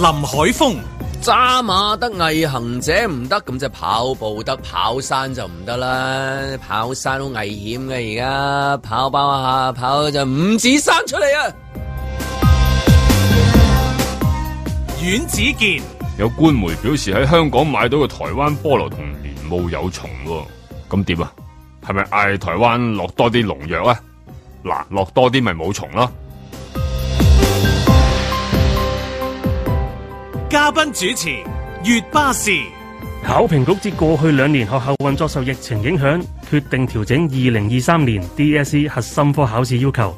林海峰揸馬得毅行者唔得，咁就跑步得，跑山就唔得啦。跑山好危險嘅，而家跑跑下，跑就五指山出嚟啊！阮子健有官媒表示喺香港買到個台灣菠蘿同蓮霧有蟲，咁點啊？係咪嗌台灣落多啲農藥啊？嗱，落多啲咪冇蟲咯？嘉賓主持：月巴士考評局，指過去兩年學校運作受疫情影響，決定調整二零二三年 DSE 核心科考試要求，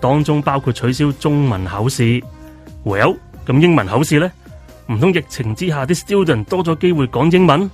當中包括取消中文考試。Well，咁英文考試呢？唔通疫情之下啲 student 多咗機會講英文？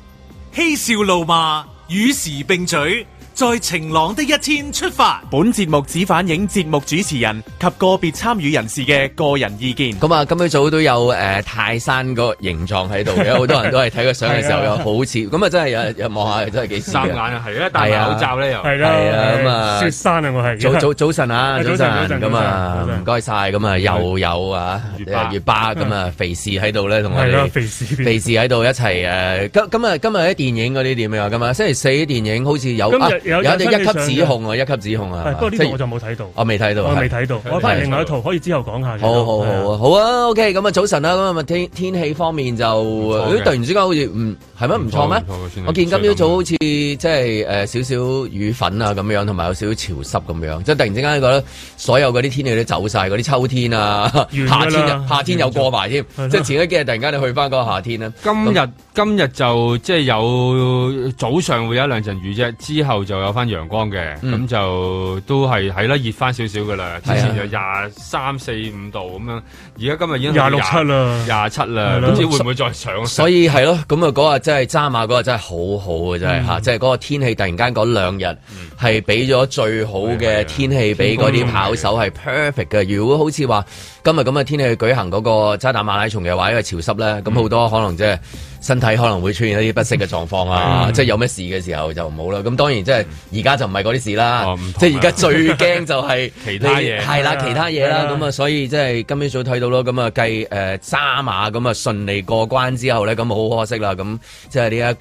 嬉笑怒罵，與時並舉。在晴朗的一天出發。本節目只反映節目主持人及個別參與人士嘅個人意見。咁啊，今日早都有誒、呃、泰山個形狀喺度嘅，好多人都係睇個相嘅時候又、 啊、好似。咁啊，真係有望下，真係幾似。三眼啊。係啊，戴口罩咧又。係啊。咁啊，雪山啊，我係、啊嗯嗯嗯嗯嗯嗯。早早早晨啊，早晨。咁啊，唔該晒。咁啊、嗯，又有啊，月巴月巴咁啊，肥士喺度咧，同我哋。肥士。肥士喺度一齊誒，今今日今日喺電影嗰啲點樣啊？今日星期四啲電影好似有。有一啲一級指控啊，一級指控啊，不過呢度我就冇睇到，到，我未睇到，我未睇到，我翻另外一套可以之後講下好好好啊，好啊，OK，咁啊早晨啦，咁啊天天氣方面就，咦？突然之間好似唔係咩唔錯咩？我見今朝早好似即係誒少少雨粉啊咁樣，同埋有少少潮濕咁、啊、樣、嗯，即係突然之間覺得所有嗰啲天氣都走晒嗰啲秋天啊、夏天啊，夏天又過埋添，即係前一幾日突然間你去翻嗰個夏天啊。今日今日就即係有早上會有一兩陣雨啫，之後就。又有翻陽光嘅，咁、嗯、就都係係啦，熱翻少少嘅啦。之前就廿三四五度咁樣，而家今日已經廿六七啦，廿七啦。唔知會唔會再上、嗯？所以係咯，咁啊嗰日真係渣馬嗰日真係好好嘅，真係嚇即係嗰個天氣突然間嗰兩日係俾咗最好嘅天氣俾嗰啲跑手係 perfect 嘅。如果好似話今日咁嘅天氣去舉行嗰、那個渣打馬拉松嘅話，因、這、為、個、潮濕咧，咁好多可能即、就、係、是。嗯身體可能會出現一啲不適嘅狀況啊，啊即係有咩事嘅時候就唔好啦。咁當然即係而家就唔係嗰啲事、哦啊、唔同啊，即係而家最驚就係其他嘢，係啦其他嘢啦。咁啊，所以即係今朝早睇到咯，咁啊繼誒渣馬咁啊順利過關之後咧，咁好可惜、這個呃、就啦。咁即係呢一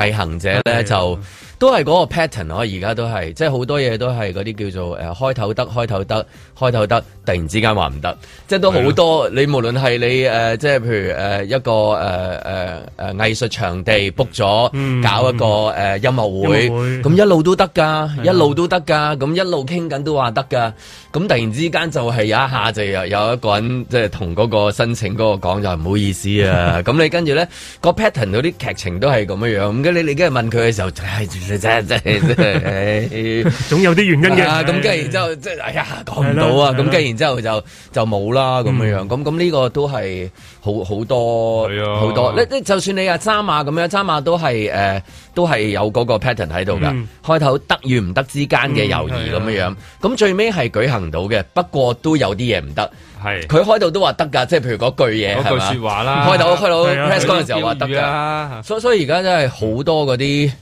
個誒毅行者咧就。都係嗰個 pattern 咯，而家都係，即係好多嘢都係嗰啲叫做誒、呃、開頭得，開頭得，開頭得，突然之間話唔得，即係都好多。啊、你無論係你誒，即、呃、係譬如誒、呃、一個誒誒誒藝術場地 book 咗、嗯嗯，搞一個誒音樂會，咁一路都得㗎，一路都得㗎，咁、啊、一路傾緊都話得㗎。咁突然之間就係有一下，就又有一個人，即係同嗰個申請嗰個講，就係唔好意思啊，咁你跟住咧個 pattern 嗰啲劇情都係咁樣樣，唔該你你，跟住問佢嘅時候就係啫，啫，總有啲原因嘅，咁跟然之後即係哎呀講唔到啊，咁跟然之後就就冇啦咁樣樣，咁咁呢個都係。好好多，好多，咧咧、啊，就算你啊扎馬咁樣，扎馬都係，誒、呃，都係有嗰個 pattern 喺度噶，開頭得與唔得之間嘅猶豫咁樣樣，咁、嗯啊、最尾係舉行到嘅，不過都有啲嘢唔得，係，佢開到都話得噶，即係譬如嗰句嘢係嘛，開到開到 press 嗰個、啊、時候話得噶，所以所以而家真係好多嗰啲，誒、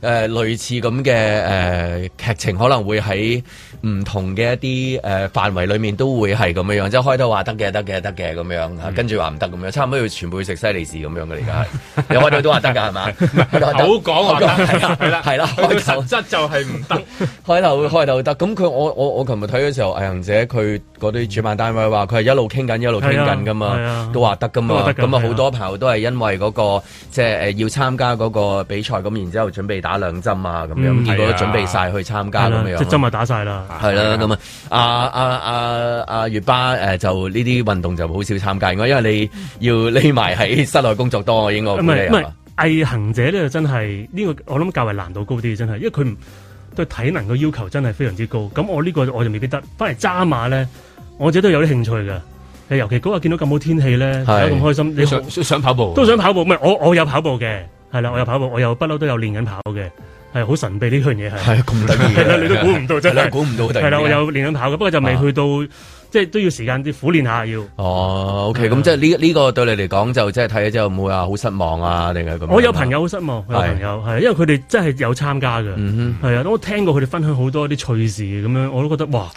呃，類似咁嘅，誒、呃，劇情可能會喺。唔同嘅一啲、呃、範圍裏面都會係咁樣樣，即係開頭話得嘅，得嘅，得嘅咁樣，嗯、跟住話唔得咁樣，差唔多要全部食西利士咁樣嘅嚟噶，有、就是、開頭都話得㗎係嘛？好講我係啦，係啦，實質就係唔得。開頭、啊、開到得，咁 佢我我我琴日睇嘅時候，毅行者佢嗰啲主辦單位話佢係一路傾緊，一路傾緊㗎嘛，都話得㗎嘛，咁、嗯、啊好多朋友都係因為嗰、那個即係、就是、要參加嗰個比賽，咁然之後準備打兩針啊咁樣、嗯嗯，結果都準備晒去參加咁、嗯啊、樣，針咪打晒啦。係啦，咁啊，阿阿阿阿月巴，誒、呃，就呢啲運動就好少參加，因為你要匿埋喺室內工作多，我應該唔係唔係。毅行者咧，真係呢個我諗較為難度高啲，真係，因為佢唔對體能嘅要求真係非常之高。咁我呢個我就未必得。翻嚟揸馬咧，我自己都有啲興趣嘅。尤其嗰日見到咁好天氣咧，睇得咁開心，想你想想跑步都想跑步，唔係我我有跑步嘅，係啦、啊，我有跑步，我有不嬲都有練緊跑嘅。係好神秘呢樣嘢，係，係咁突，係啦你都估唔到真係，估唔 的的到係啦。我有練緊跑嘅，不過就未去到，啊、即係都要時間啲苦練下要。哦，OK，咁的即係呢呢個對你嚟講就即係睇咗之後，唔會話好失望啊，定係咁。我有朋友好失望，有朋友係，因為佢哋真係有參加嘅，係啊、嗯哼，我聽過佢哋分享好多啲趣事咁樣，我都覺得哇。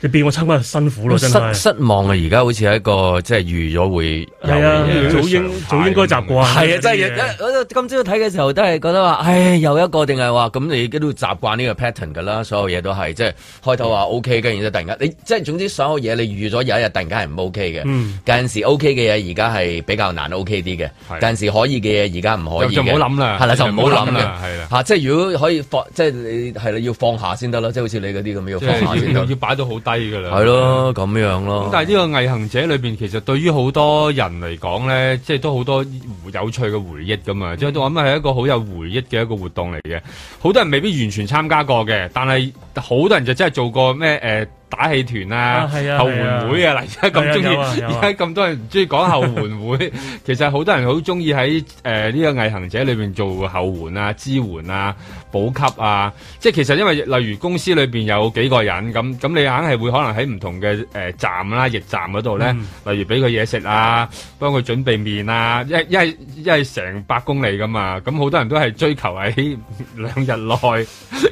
你變我差唔辛苦咯，真失望啊！而家好似係一個即係預咗會有，啊，早應早應該習慣係啊！即係今朝睇嘅時候都係覺得話，唉，又一個定係話咁，你都要習慣呢個 pattern 㗎啦。所有嘢都係即係開頭話 OK，跟住突然間你即係總之所有嘢你預咗有一日突然間係唔 OK 嘅。嗯，有陣時 OK 嘅嘢而家係比較難 OK 啲嘅，有陣、啊、時可以嘅嘢而家唔可以嘅，就唔好諗啦，係啦，就唔好諗啦，係啦、啊，嚇、啊！即係如果可以放，即係你係你、啊、要放下先得咯。即係好似你嗰啲咁樣要放下先得， 要擺到好。低係咯，咁樣咯。咁但係呢個毅行者裏邊，其實對於好多人嚟講咧，即係都好多有趣嘅回憶咁啊，即係都諗係一個好有回憶嘅一個活動嚟嘅。好多人未必完全參加過嘅，但係好多人就真係做過咩誒、呃、打氣團啊，啊，啊，後援會啊，而家咁中意，而家咁多人唔中意講後援會， 其實好多人好中意喺誒呢個毅行者裏邊做後援啊、支援啊。補給啊！即係其實因為例如公司裏邊有幾個人咁咁，你硬係會可能喺唔同嘅誒站啦、驛站嗰度咧，例如俾佢嘢食啊，幫佢準備麵啊，因為因為因為成百公里噶嘛，咁好多人都係追求喺兩日內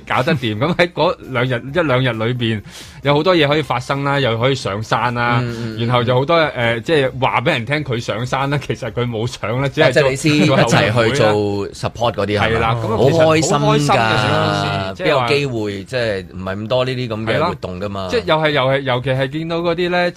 搞得掂。咁喺嗰兩日一兩日裏邊，有好多嘢可以發生啦，又可以上山啦，然後就好多誒，即係話俾人聽佢上山啦，其實佢冇上啦，只係做一齊去做 support 嗰啲係啦，咁好開心。即係、啊就是、有機會，即係唔係咁多呢啲咁嘅活動㗎嘛？即係、啊就是、又係又係，尤其係見到嗰啲咧撐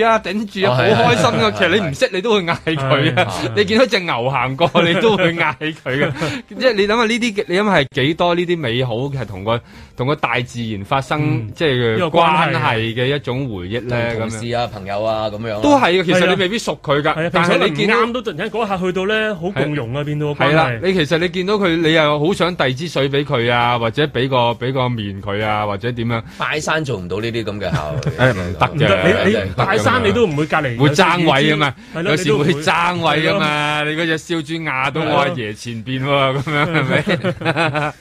住啊、頂住啊，好、哦、開心㗎、啊！其實你唔識是是是你都會嗌佢啊，是是是你見到隻牛行過是是是你都會嗌佢嘅。是是是 即係你諗下呢啲，你諗係幾多呢啲美好嘅同個同個大自然發生、嗯、即係關係嘅一種回憶咧？嗯這個就是、同事啊、朋友啊咁樣，都係其實是、啊、你未必熟佢㗎，但係你啱都突然間嗰一刻去到咧，好共融啊，變到係啦。你其實你見到佢，你又好想遞支水。俾佢啊，或者俾個俾個面佢啊，或者點樣？拜山做唔到呢啲咁嘅效果，誒唔得嘅。你你拜山你都唔會隔籬，會爭位啊嘛。有時，有時會爭位啊嘛。你嗰隻燒豬壓到我阿爺前邊喎、啊，咁樣係咪？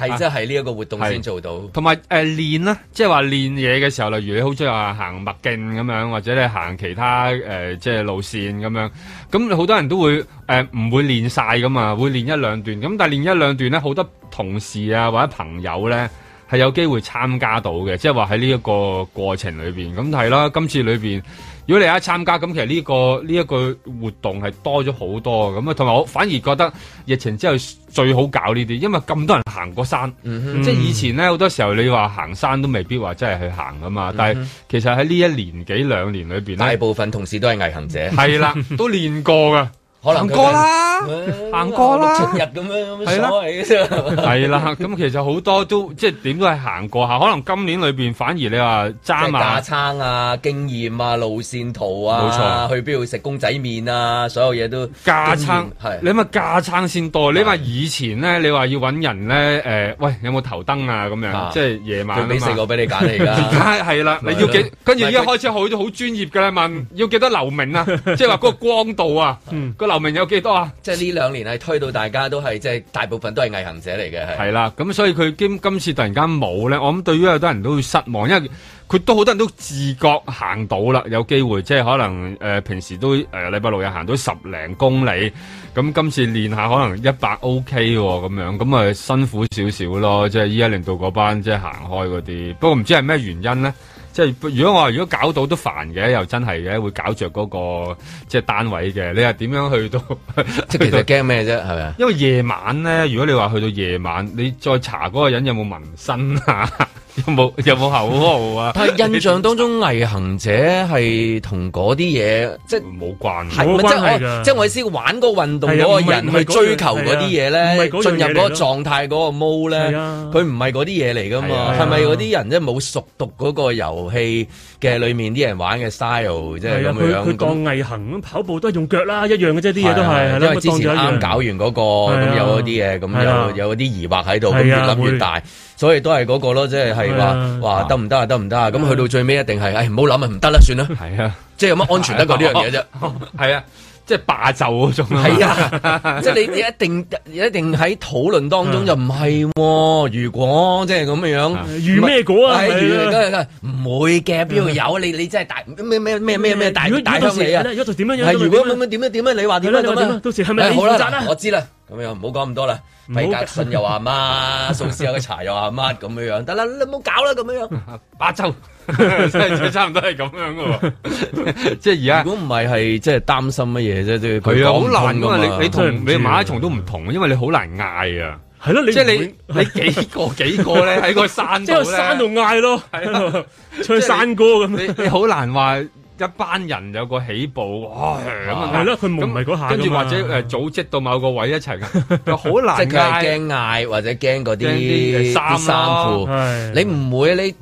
係 真係呢一個活動先、啊、做到。同埋誒練啦，即係話練嘢嘅時候，例如你好中意話行麥徑咁樣，或者你行其他誒、呃、即係路線咁樣。咁好多人都會誒唔、呃、會練晒㗎嘛？會練一兩段。咁但係練一兩段咧，好多。同事啊，或者朋友咧，係有機會參加到嘅，即係話喺呢一個過程裏面，咁係啦，今次裏面，如果你一參加，咁其實呢、呢個呢一、呢個、活動係多咗好多咁啊，同埋我反而覺得疫情之後最好搞呢啲，因為咁多人行過山，mm -hmm. 即係以前咧好、mm -hmm. 多時候你話行山都未必話真係去行噶嘛。但係其實喺呢一年幾兩年裏面，大部分同事都係毅行者，係 啦，都練過噶。可能過啦、就是，行過啦，日咁樣係啦，係啦，咁 是的 其實好多都即係點都係行過下。可能今年裏邊反而你話架、就是、撐啊、經驗啊、路線圖啊，冇錯，去邊度食公仔麵啊，所有嘢，都架撐係，你咪架撐先多。你話以前咧，你話要搵人咧，誒、呃，喂，有冇頭燈啊？咁樣是即係夜晚啊嘛，俾四個俾你揀嚟啦，係 啦，你要幾？跟住依家開始好都好專業嘅啦，問要幾多流明啊？即係話嗰個光度啊，個、 嗯。留名有幾多啊？即係呢兩年係推到大家都係，即係大部分都係毅行者嚟嘅。係啦，咁所以佢今今次突然間冇咧，我諗對於好多人都會失望，因為佢都好多人都自覺行到啦，有機會即係可能誒平時都誒禮拜六日行到十零公里，咁今次練下可能一百 OK 喎，咁樣咁啊辛苦少少咯，即係依一年度嗰班即係行開嗰啲，不過唔知係咩原因咧？即係如果我話如果搞到都煩嘅，又真係嘅會搞着嗰、那個即係單位嘅，你又點樣去到？去到即係其實驚咩啫？係咪啊？因為夜晚咧，如果你話去到夜晚，你再查嗰個人有冇紋身啊？ 有冇有冇口號啊？ 但係印象當中，毅 行者係同嗰啲嘢即係冇關冇關係噶。即係，係我意思，玩個運動嗰個人去追求嗰啲嘢咧，進、啊、入嗰個狀態嗰個 mode 咧，佢唔係嗰啲嘢嚟噶嘛？係咪嗰啲人咧冇、啊、熟讀嗰個遊戲嘅裏面啲人玩嘅 style 即係咁樣？佢佢講毅行咁跑步都係用腳啦，一樣嘅啫。啲嘢、啊、都係、啊、因為之前啱搞完嗰、那個咁、啊、有嗰啲嘢，咁、啊、有、啊、有啲疑惑喺度，咁越諗越大。所以都係嗰、嗰個咯，即係係話話得唔得啊？得唔得啊？咁去到最尾一定係，唉，唔好諗啊，唔得啦，算啦。係啊，即係有乜安全得過呢樣嘢啫？係、哦哦哦、啊，即係霸就嗰種。係啊，啊 即係你一定你一定喺討論當中就唔係、啊，如果即係咁樣，遇、啊、如果啊？果、啊，如唔、啊、會嘅，邊度有，有？你你真係大咩咩咩咩咩大，如果到如果點樣如果，如果點樣點樣點樣，你話點樣就點到時係咪、啊哎、好啦，我知啦。咁樣唔好講咁多啦，米格信又話乜，蘇斯有個茶又話乜咁樣樣，得啦，你唔好搞啦咁樣樣，八周真係差唔多係咁樣噶，即係而家。如果唔係係即係擔心乜嘢啫，即係佢好難咁啊。你你同你馬拉松都唔同，因為你好難嗌啊。係咯，即係你你幾個幾個咧喺個山度咧，山度嗌咯，唱山歌咁。你你好難話。一班人有個起步，哇！係咯，佢冇唔係嗰下跟住或者誒組織到某個位一齊嘅，好難。即係驚嗌或者驚嗰啲衫衫褲，你唔會你。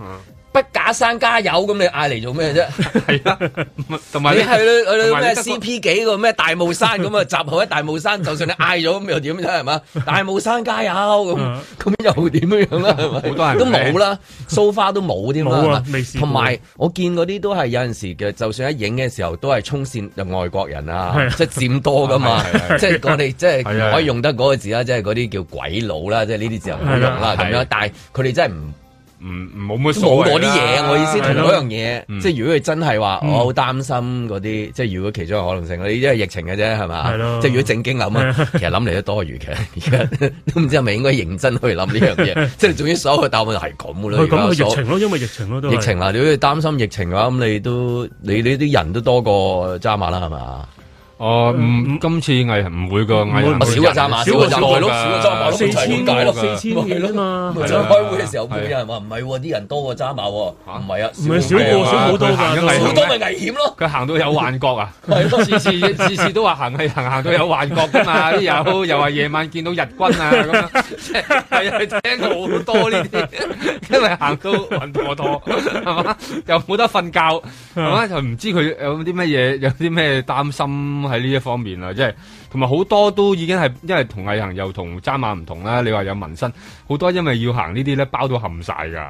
不假山加油咁你嗌嚟做咩啫？係 啦、啊，同埋你係咩 CP 幾個咩大霧山咁啊，集合喺大霧山，就算你嗌咗咁又點啫係嘛？大霧山加油咁，咁、嗯、又點樣樣啦？係咪？好多人都冇啦，蘇花都冇添嘛。冇啊，未試。同埋、啊啊、我見嗰啲都係有陣時嘅，就算喺影嘅時候都係衝線，就外國人啊，即係佔多噶嘛。啊啊啊啊啊啊、即係我哋即係可以用得嗰個字啦、啊啊，即係嗰啲叫鬼佬啦，即係呢啲字唔用啦，咁、啊啊、樣。啊、但係佢哋真係唔。唔唔冇冇嗰啲嘢，我意思同嗰樣嘢，即係如果佢真係話、嗯，我好擔心嗰啲，即係如果其中嘅可能性，你因為疫情嘅啫，係嘛？即係如果正經諗啊， 其實諗嚟都多餘嘅，而家都唔知係咪應該認真去諗呢 樣嘢，即係總之所有，嘅答案係咁噶啦，咁嘅疫情咯，因為疫情咯，疫情啦，如果你擔心疫情嘅話，咁你都你你啲人都多過揸馬啦，係嘛？哦、呃，唔、嗯嗯、今次毅行唔會噶毅，少噶揸馬，少個揸馬咯，四千解四千嘢咯嘛。開會嘅時候啲人話唔係喎，啲人多過揸馬喎，唔、啊、係啊，少少過少好多噶、啊，好多咪危險咯。佢行到有幻覺啊？係 咯是的， 次次次次都話行行行，行到有幻覺噶嘛，啲 是的 有又話夜晚見到日軍啊咁樣， 係啊，聽過好多呢啲，因為行到暈陀陀，係嘛，又冇得瞓覺，咁就唔知佢有啲乜嘢，有啲咩擔心。喺呢一方面啦，即係同埋好多都已經係，因為同毅行又同揸馬唔同啦。你話有紋身，好多因為要行呢啲咧，包到冚晒㗎。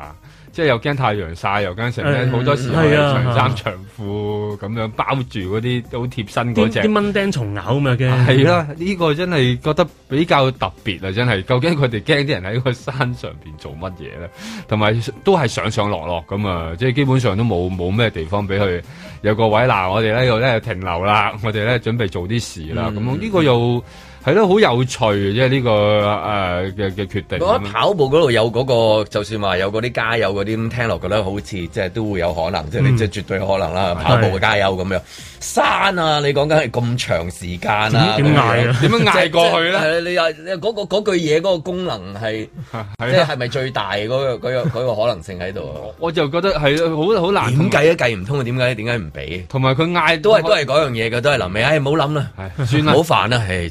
即係又驚太陽曬，又驚成日好多時候長衫長褲咁，啊、樣包住嗰啲好貼身嗰隻。啲蚊叮蟲咬咪驚。係啦，呢、啊嗯呢個真係覺得比較特別啊！真係，究竟佢哋驚啲人喺個山上邊做乜嘢咧？同埋都係上上落落咁啊！即係基本上都冇冇咩地方俾佢有個位嗱，我哋咧又咧停留啦，我哋咧準備做啲事啦。咁、嗯、呢個又～、嗯係咯，好有趣，即係呢個誒嘅嘅決定。我覺得跑步嗰度有嗰、嗰個，就算話有嗰啲加油嗰啲咁，聽落覺得好似即係都會有可能，嗯、即係即係絕對可能啦、嗯。跑步嘅加油咁樣，山啊，你講緊係咁長時間啦，點嗌啊？點樣嗌過去咧、 就是？你又嗰個嗰句嘢嗰個功能係，即係係咪最大嗰、嗰個嗰、 嗰個、嗰個可能性喺度？我就覺得係好好難。點計都計唔通點解？點解唔俾？同埋佢嗌都係都係嗰樣嘢嘅，都係臨尾。唉，唔好諗啦，算啦，唔好煩啦，唉。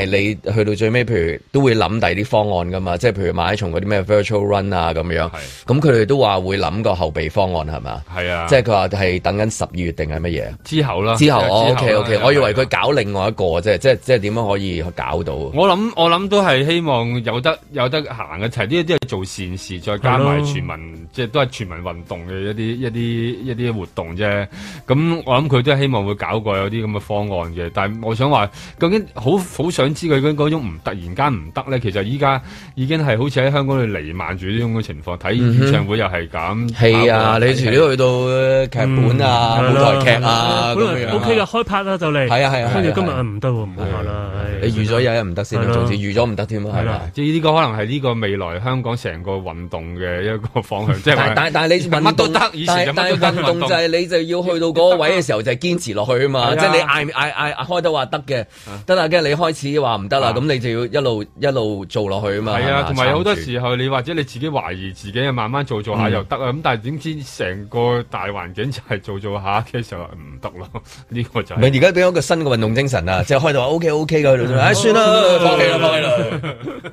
係你去到最尾，譬如都會諗第啲方案噶嘛？即係譬如馬拉松嗰啲咩 Virtual Run 啊咁樣，咁佢哋都話會諗個後備方案係嘛？係啊，即係佢話係等緊十二月定係乜嘢之後啦？之後，O K O K，我以為佢搞另外一個，即係即係即係點樣可以去搞到？我諗我諗都係希望有得有得行一齊，呢啲係做善事，再加埋全民，即係都係全民運動嘅一啲一啲一啲活動啫。咁我諗佢都係希望會搞過有啲咁嘅方案嘅，但係我想話，究竟好好想。想知佢種唔突然間唔得咧，其實依家已經係好似喺香港度瀰漫住呢種嘅情況，睇演唱會又係咁。係、嗯、啊，你除咗去到劇本啊、嗯、舞台劇啊，O、嗯、本來 K 嘅開拍啦就嚟。係啊係啊，跟住今日唔得，唔好拍啦。你預咗有人唔得先，總之預咗唔得添啊。即係呢個可能係呢個未來香港成個運動嘅一個方向。即 但但你乜都得，但係運動就係你就要去到嗰個位嘅時候就係堅持落去啊嘛。即係你嗌嗌嗌開頭話得嘅，得、啊、啦，跟住你開始話唔得啦，咁你就要一路一路做落去啊嘛。啊，同埋有好多時候你或者你自己懷疑自己，慢慢做做下又得啊。咁、嗯、但係點知成個大環境就係做做下嘅時候唔得咯。呢、這個就係而家俾咗個新嘅運動精神啊，即 係開到話 OK OK 唉、 哎，算啦，放棄啦，放棄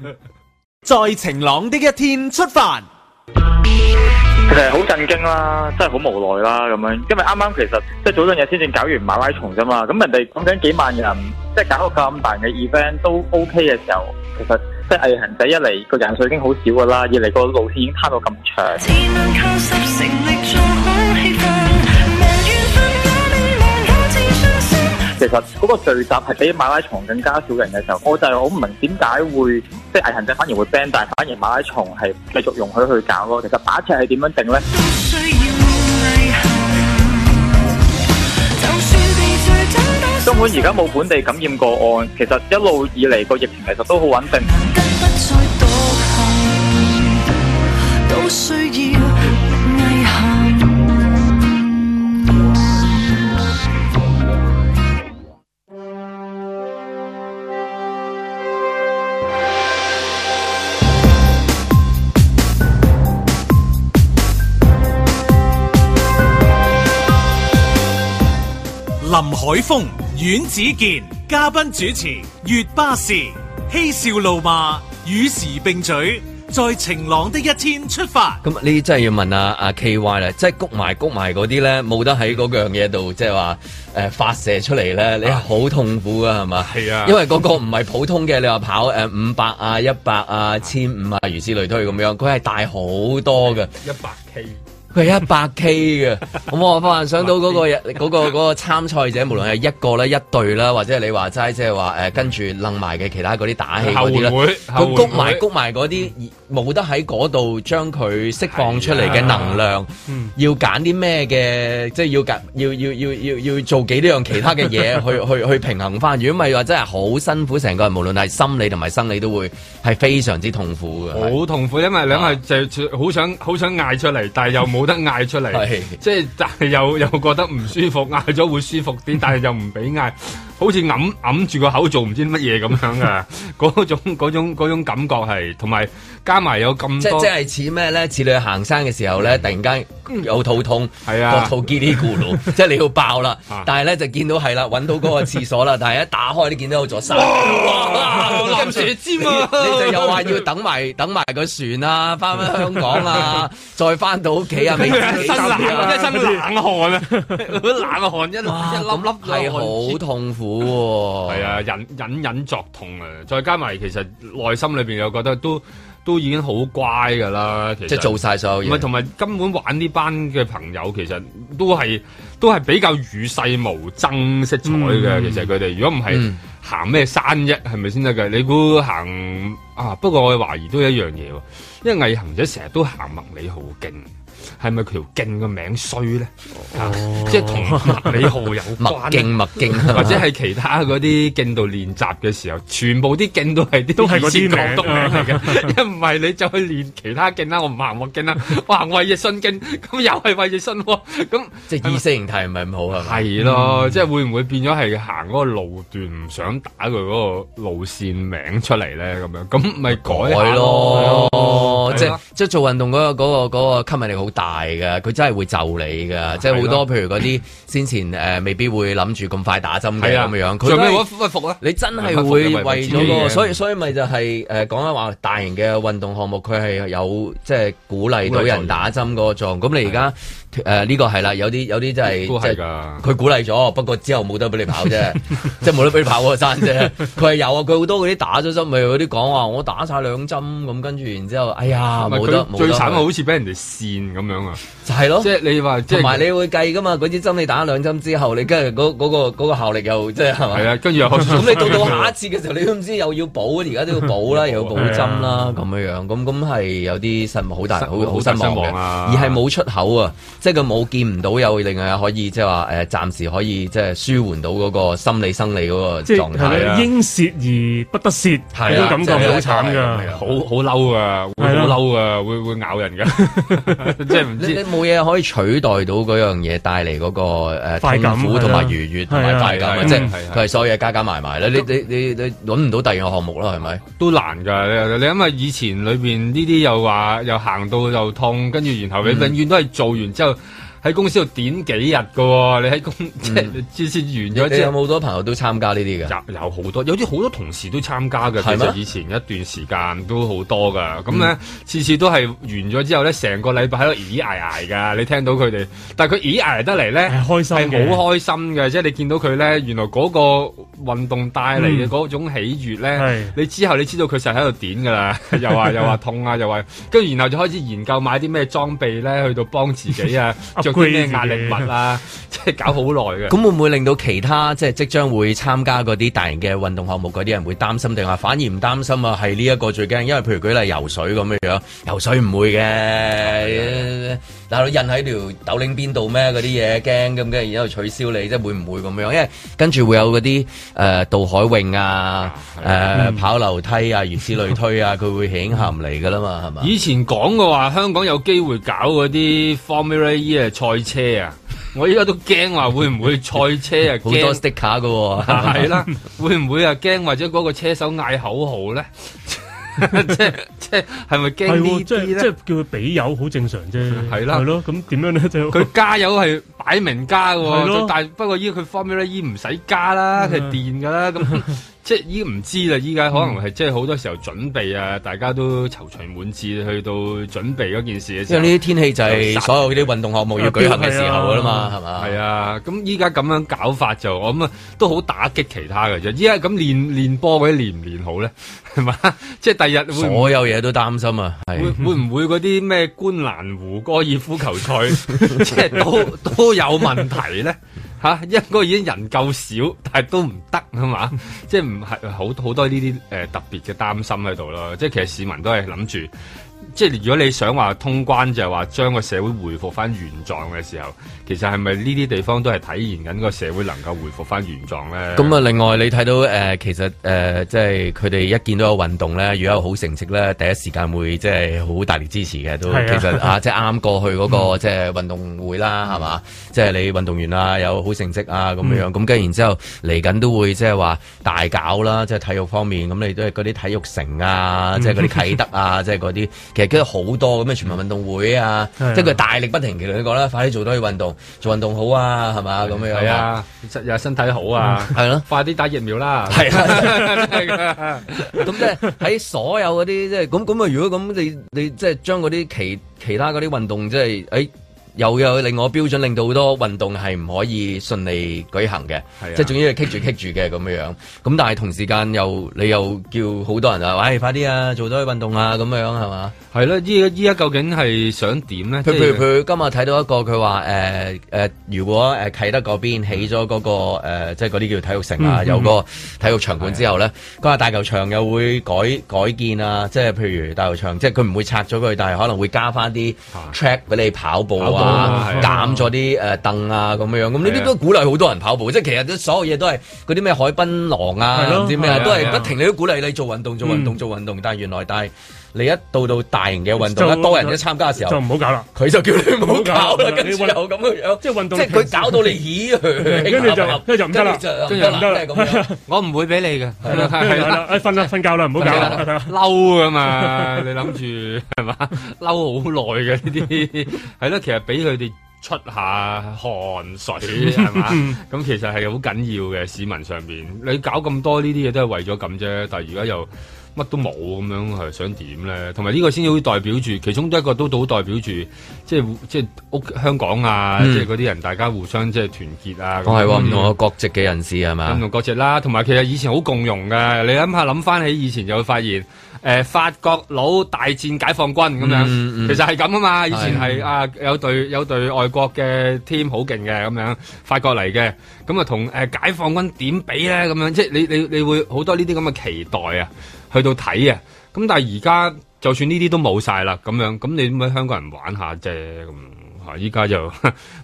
啦！在 晴朗的一天出發，其實好震驚啦，真係好無奈啦，咁樣，因為啱啱其實即係、就是、早兩日先至搞完馬拉松啫嘛，咁人哋講緊幾萬人，即、就、係、是、搞到咁大嘅 event 都 OK 嘅時候，其實即係藝行仔一嚟個人數已經好少噶啦，二嚟個路線已經攤到咁長。其實嗰個聚集係比馬拉松更加少人嘅時候，我就係好唔明點解會即係藝行者反而會 ban，但係反而馬拉松係繼續容許去搞喎。其實把尺係點樣定呢？香港而家冇本地感染個案，其實一路以嚟個疫情其實都好穩定。海峰、阮子健嘉賓主持，月巴士嬉笑怒罵，與時並嘴，在晴朗的一天出發。咁、啊、呢，真係要問阿阿 K Y 啦，即係谷埋谷埋嗰啲咧，冇得喺嗰樣嘢度，即係話誒發射出嚟咧，你好痛苦噶係嘛？係啊，因為嗰個唔係普通嘅，你話跑誒五百啊、一百啊、千五啊，如此類推咁樣，佢係大好多噶，一百 K。佢係一百 K 嘅，咁 我幻想到嗰、那個、嗰、 那個、嗰、那個參賽者，無論係一個咧、 一隊啦，或者係你話齋，即係話誒，跟住楞埋嘅其他嗰啲打氣嗰會佢谷埋谷埋嗰啲，冇得喺嗰度將佢釋放出嚟嘅能量，啊嗯、要揀啲咩嘅，即係要揀，要要要要要，要做幾多樣其他嘅嘢去 去去，去平衡翻。如果唔係話真係好辛苦，成個人無論係心理同埋生理都會係非常之痛苦嘅。好痛苦，因為兩係就好想好想嗌出嚟，但係又冇。 冇得嗌出嚟，是即係但係又又覺得唔舒服，嗌咗會舒服啲，但係又唔俾嗌。 好似揞揞住個口做唔知乜嘢咁樣嘅，嗰 種種種感覺係，同埋加埋有咁多，即係似咩咧？似你行山嘅時候咧、嗯，突然間有肚痛，係啊，個肚嘰哩咕嚕， 即係你要爆啦、啊。但係咧就見到係啦，揾到嗰個廁所啦。但係一打開，你見到有座山，蚺蛇尖啊！ 你，你就又話要等埋等埋個船啊，翻翻香港啊， 再翻到屋企啊，咪一身冷、啊，真冷汗啊，嗰啲 冷汗 一,一粒粒係好痛苦。 好、嗯、係啊，隱隱隱作痛啊！再加埋其實內心裏邊又覺得都都已經好乖噶啦，即係、就是、做晒所有嘢。唔係同埋根本玩呢班嘅朋友，其實都係都係比較與世無爭色彩嘅、嗯。其實佢哋如果唔係行咩山一係咪先得嘅？你估行啊？不過我懷疑都係一樣嘢、啊，因為毅行者成日都行麥理好勁。係咪條徑嘅名衰咧、oh. 啊？即係同麥理浩有關？麥徑、 麥徑，或者係其他嗰啲徑度練習嘅時候，全部啲徑都係啲港督名嚟嘅。一唔係你就去練其他徑啦，我唔行麥徑啦， 我行衛奕信徑，咁又係衛奕信喎。咁即係意識形態唔係咁好係係咯，嗯、即係會唔會變咗係行嗰個路段唔想打佢嗰個路線名出嚟咧？咁樣咁咪改咯。即即做運動嗰、嗰個嗰個嗰個吸引力好大嘅，佢真係會就你噶，即係好多譬如嗰啲先前誒、呃、未必會諗住咁快打針嘅咁樣，佢服咧？你真係會為咗、嗰個，所以所以咪就係誒講緊話，大型嘅運動項目，佢係有即係鼓勵到人打針嗰個狀。咁你而家？誒、呃，呢、這個係啦，有啲有啲真係，佢鼓勵咗，不過之後冇得俾你跑啫， 即係冇得俾你跑山、啊、啫。佢 係 有啊，佢好多嗰啲打咗針，咪嗰啲講話我打晒兩針，咁、嗯、跟住然之後，哎呀，冇得，最慘啊，好似俾人哋扇咁樣啊！就係、是、咯，即、就、係、是、你話，即同埋你會計噶嘛？嗰支針你打兩針之後，你跟住嗰個、那個嗰、那個、效力又即係係嘛？跟住又咁你到到下一次嘅時候，你都唔知又要補，而家都要補啦， 又要補針啦，咁、啊、樣咁咁係有啲失望好大，好好失望嘅、啊。而係冇出口啊，即係佢冇見唔到又另外可以即係話誒，暫時可以即舒緩到嗰個心理生理嗰個狀態啦、啊。應舌而不得舌，係種感覺好慘噶、啊啊啊啊啊啊，好好嬲噶，好嬲噶、啊，會會咬人噶， 即係唔不知。 冇嘢可以取代到嗰樣嘢帶嚟嗰、嗰個痛苦同埋愉悅同埋快感，啊快感啊啊啊、即係佢係所有嘢加加埋埋咧。你你你你搵唔到第二個項目啦，係咪？都難㗎。你因為以前裏邊呢啲又話又行到又痛，跟住然後你永遠都係做完之後。喺公司度點幾日喎、哦？你喺公司、嗯、即係次次完咗之後，有好多朋友都參加呢啲嘅？有好多，有啲好多同事都參加嘅。其實以前一段時間都好多㗎。咁咧次次都係完咗之後咧，成個禮拜喺度咦挨挨㗎。你聽到佢哋，但佢咦挨得嚟咧，係開心嘅，係好開心嘅。即係你見到佢咧，原來嗰個運動帶嚟嘅嗰種喜悅咧、嗯，你之後你知道佢成日喺度點㗎啦？又話又話痛啊， 又話跟住然後就開始研究買啲咩裝備咧，去到幫自己啊 咩壓力物啊，即係搞好耐嘅。咁 會唔會令到其他即係即將會參加嗰啲大型嘅運動項目嗰啲人會擔心，定話反而唔擔心啊？係呢一個最驚，因為譬如舉例游水咁樣樣，游水唔會嘅。嗯嗯嗯嗯印喺條斗領邊度咩？嗰啲嘢驚咁，跟住然之後取消你，即係會唔會咁樣？因為跟住會有嗰啲、呃、渡海泳啊，啊、呃嗯、跑樓梯啊、如此類推啊，佢 會興陷嚟噶啦嘛，係嘛？ 以前講嘅話，香港有機會搞嗰啲 Formula E 嘅賽車啊，我依家都驚話會唔會賽車 很啊？好多 sticker 嘅喎，係 啦，會唔會啊驚或者嗰個車手嗌口號咧？ 即即係咪驚呢啲咧？即即、哦就是就是、叫佢俾油好正常啫。係啦，係咯。咁點樣咧？ 就佢加油係擺明加喎，但不過依家佢 formula E 唔使加啦，佢係電噶啦咁。 即係依家唔知啦，依家可能係、嗯、即係好多時候準備啊，大家都躊躇滿志去到準備嗰件事時候。因為呢啲天氣就係所有嗰啲運動項目要舉行嘅時候噶啦嘛，係、嗯、嘛？係、嗯、啊，咁依家咁樣搞法就，我諗都好打擊其他㗎啫。依家咁練練波，嗰啲練唔練好咧？係 嘛？即係第日會所有嘢都擔心啊！會會唔會嗰啲咩觀瀾湖哥爾夫球賽， 即係都有 都有問題咧？吓、啊，應該已經人夠少，但係都唔得啊嘛，是 即係唔係好好，好多呢啲誒特別嘅擔心喺度咯，即係其實市民都係諗住。即係如果你想話通關就係話將個社會回復翻原狀嘅時候，其實係咪呢啲地方都係體現緊個社會能夠回復翻原狀咧？咁啊，另外你睇到誒、呃、其實誒、呃、即係佢哋一見到有運動咧，如果有好成績咧，第一時間會即係好大力支持嘅都。係啊、其實啊，即係啱過去嗰、嗰個、嗯、即係運動會啦，係嘛？即係你運動員啊，有好成績啊咁樣咁跟、嗯、然之後嚟緊都會即係話大搞啦，即係體育方面，咁你都係嗰啲體育城啊，嗯、即係嗰啲啟德啊， 即係嗰啲。其實好多咁嘅全民運動會啊，嗯嗯嗯，即係佢大力不停其中，其實你講啦，快啲做多啲運動，做運動好啊，係嘛咁樣。係啊，又身體好啊，係、嗯、咯、啊，快啲打疫苗啦。係啊，咁即係喺所有嗰啲，即係咁咁啊。如果咁你你即係將嗰啲其其他嗰啲運動，即係誒。欸又有另外標準，令到好多運動係唔可以順利舉行嘅，啊，即係仲要係棘住棘住嘅咁樣樣。咁但係同時間又你又叫好多人啊，喂，哎，快啲啊，做多啲運動啊咁樣係嘛？係咯，依依家究竟係想點咧？佢譬如佢今日睇到一個，佢話誒誒，如果誒啟德嗰邊起咗嗰個，嗯呃、即係嗰啲叫體育城啊，嗯，有個體育場館之後咧，嗰個，啊、大球場又會改改建啊，即係譬如大球場，即係佢唔會拆咗佢，但係可能會加翻啲 track 俾、啊、你跑步啊。啊減咗啲誒凳啊，咁、啊啊啊呃啊、樣樣咁呢啲都鼓勵好多人跑步，即係、啊、其實啲所有嘢都係嗰啲咩海濱廊啊，啲咩、啊啊啊、都係不停你都鼓勵你做運動，做運動，嗯、做運動，但係原來但係。你一到到大型嘅運動啦，多人一參加嘅時候，就唔好搞啦。佢就叫你唔好搞啦，跟住又咁嘅樣，即係運動，即係佢搞到你，咦？跟住就，跟住就唔得啦，跟住唔得啦，咁樣。我唔會俾你嘅，係啦，係啦，哎，瞓啦，瞓覺啦，唔好搞啦，嬲㗎嘛！你諗住係嘛？嬲好耐嘅呢啲，係咯。其實俾佢哋出下汗水係嘛？咁其實係好緊要嘅市民上邊。你搞咁多呢啲嘢都係為咗咁啫。但係而家又。乜都冇咁樣，係想點咧？同埋呢個先至會代表住，其中都一個都好代表住，即係即係屋香港啊，嗯、即係嗰啲人，大家互相即係團結啊！我係話唔同嘅國籍嘅人士係嘛？唔同國籍啦，同埋其實以前好共融嘅。你諗下諗翻起以前，就會發現，誒、呃、法國佬大戰解放軍咁、嗯、樣、嗯嗯，其實係咁啊嘛！以前係啊有隊有隊外國嘅 team 好勁嘅咁樣，法國嚟嘅，咁啊同誒解放軍點比咧？咁樣即係你你你會好多呢啲咁嘅期待啊！去到睇啊，咁但係而家就算呢啲都冇晒啦，咁樣，咁你咁喺香港人玩下啫咁。嗯依家就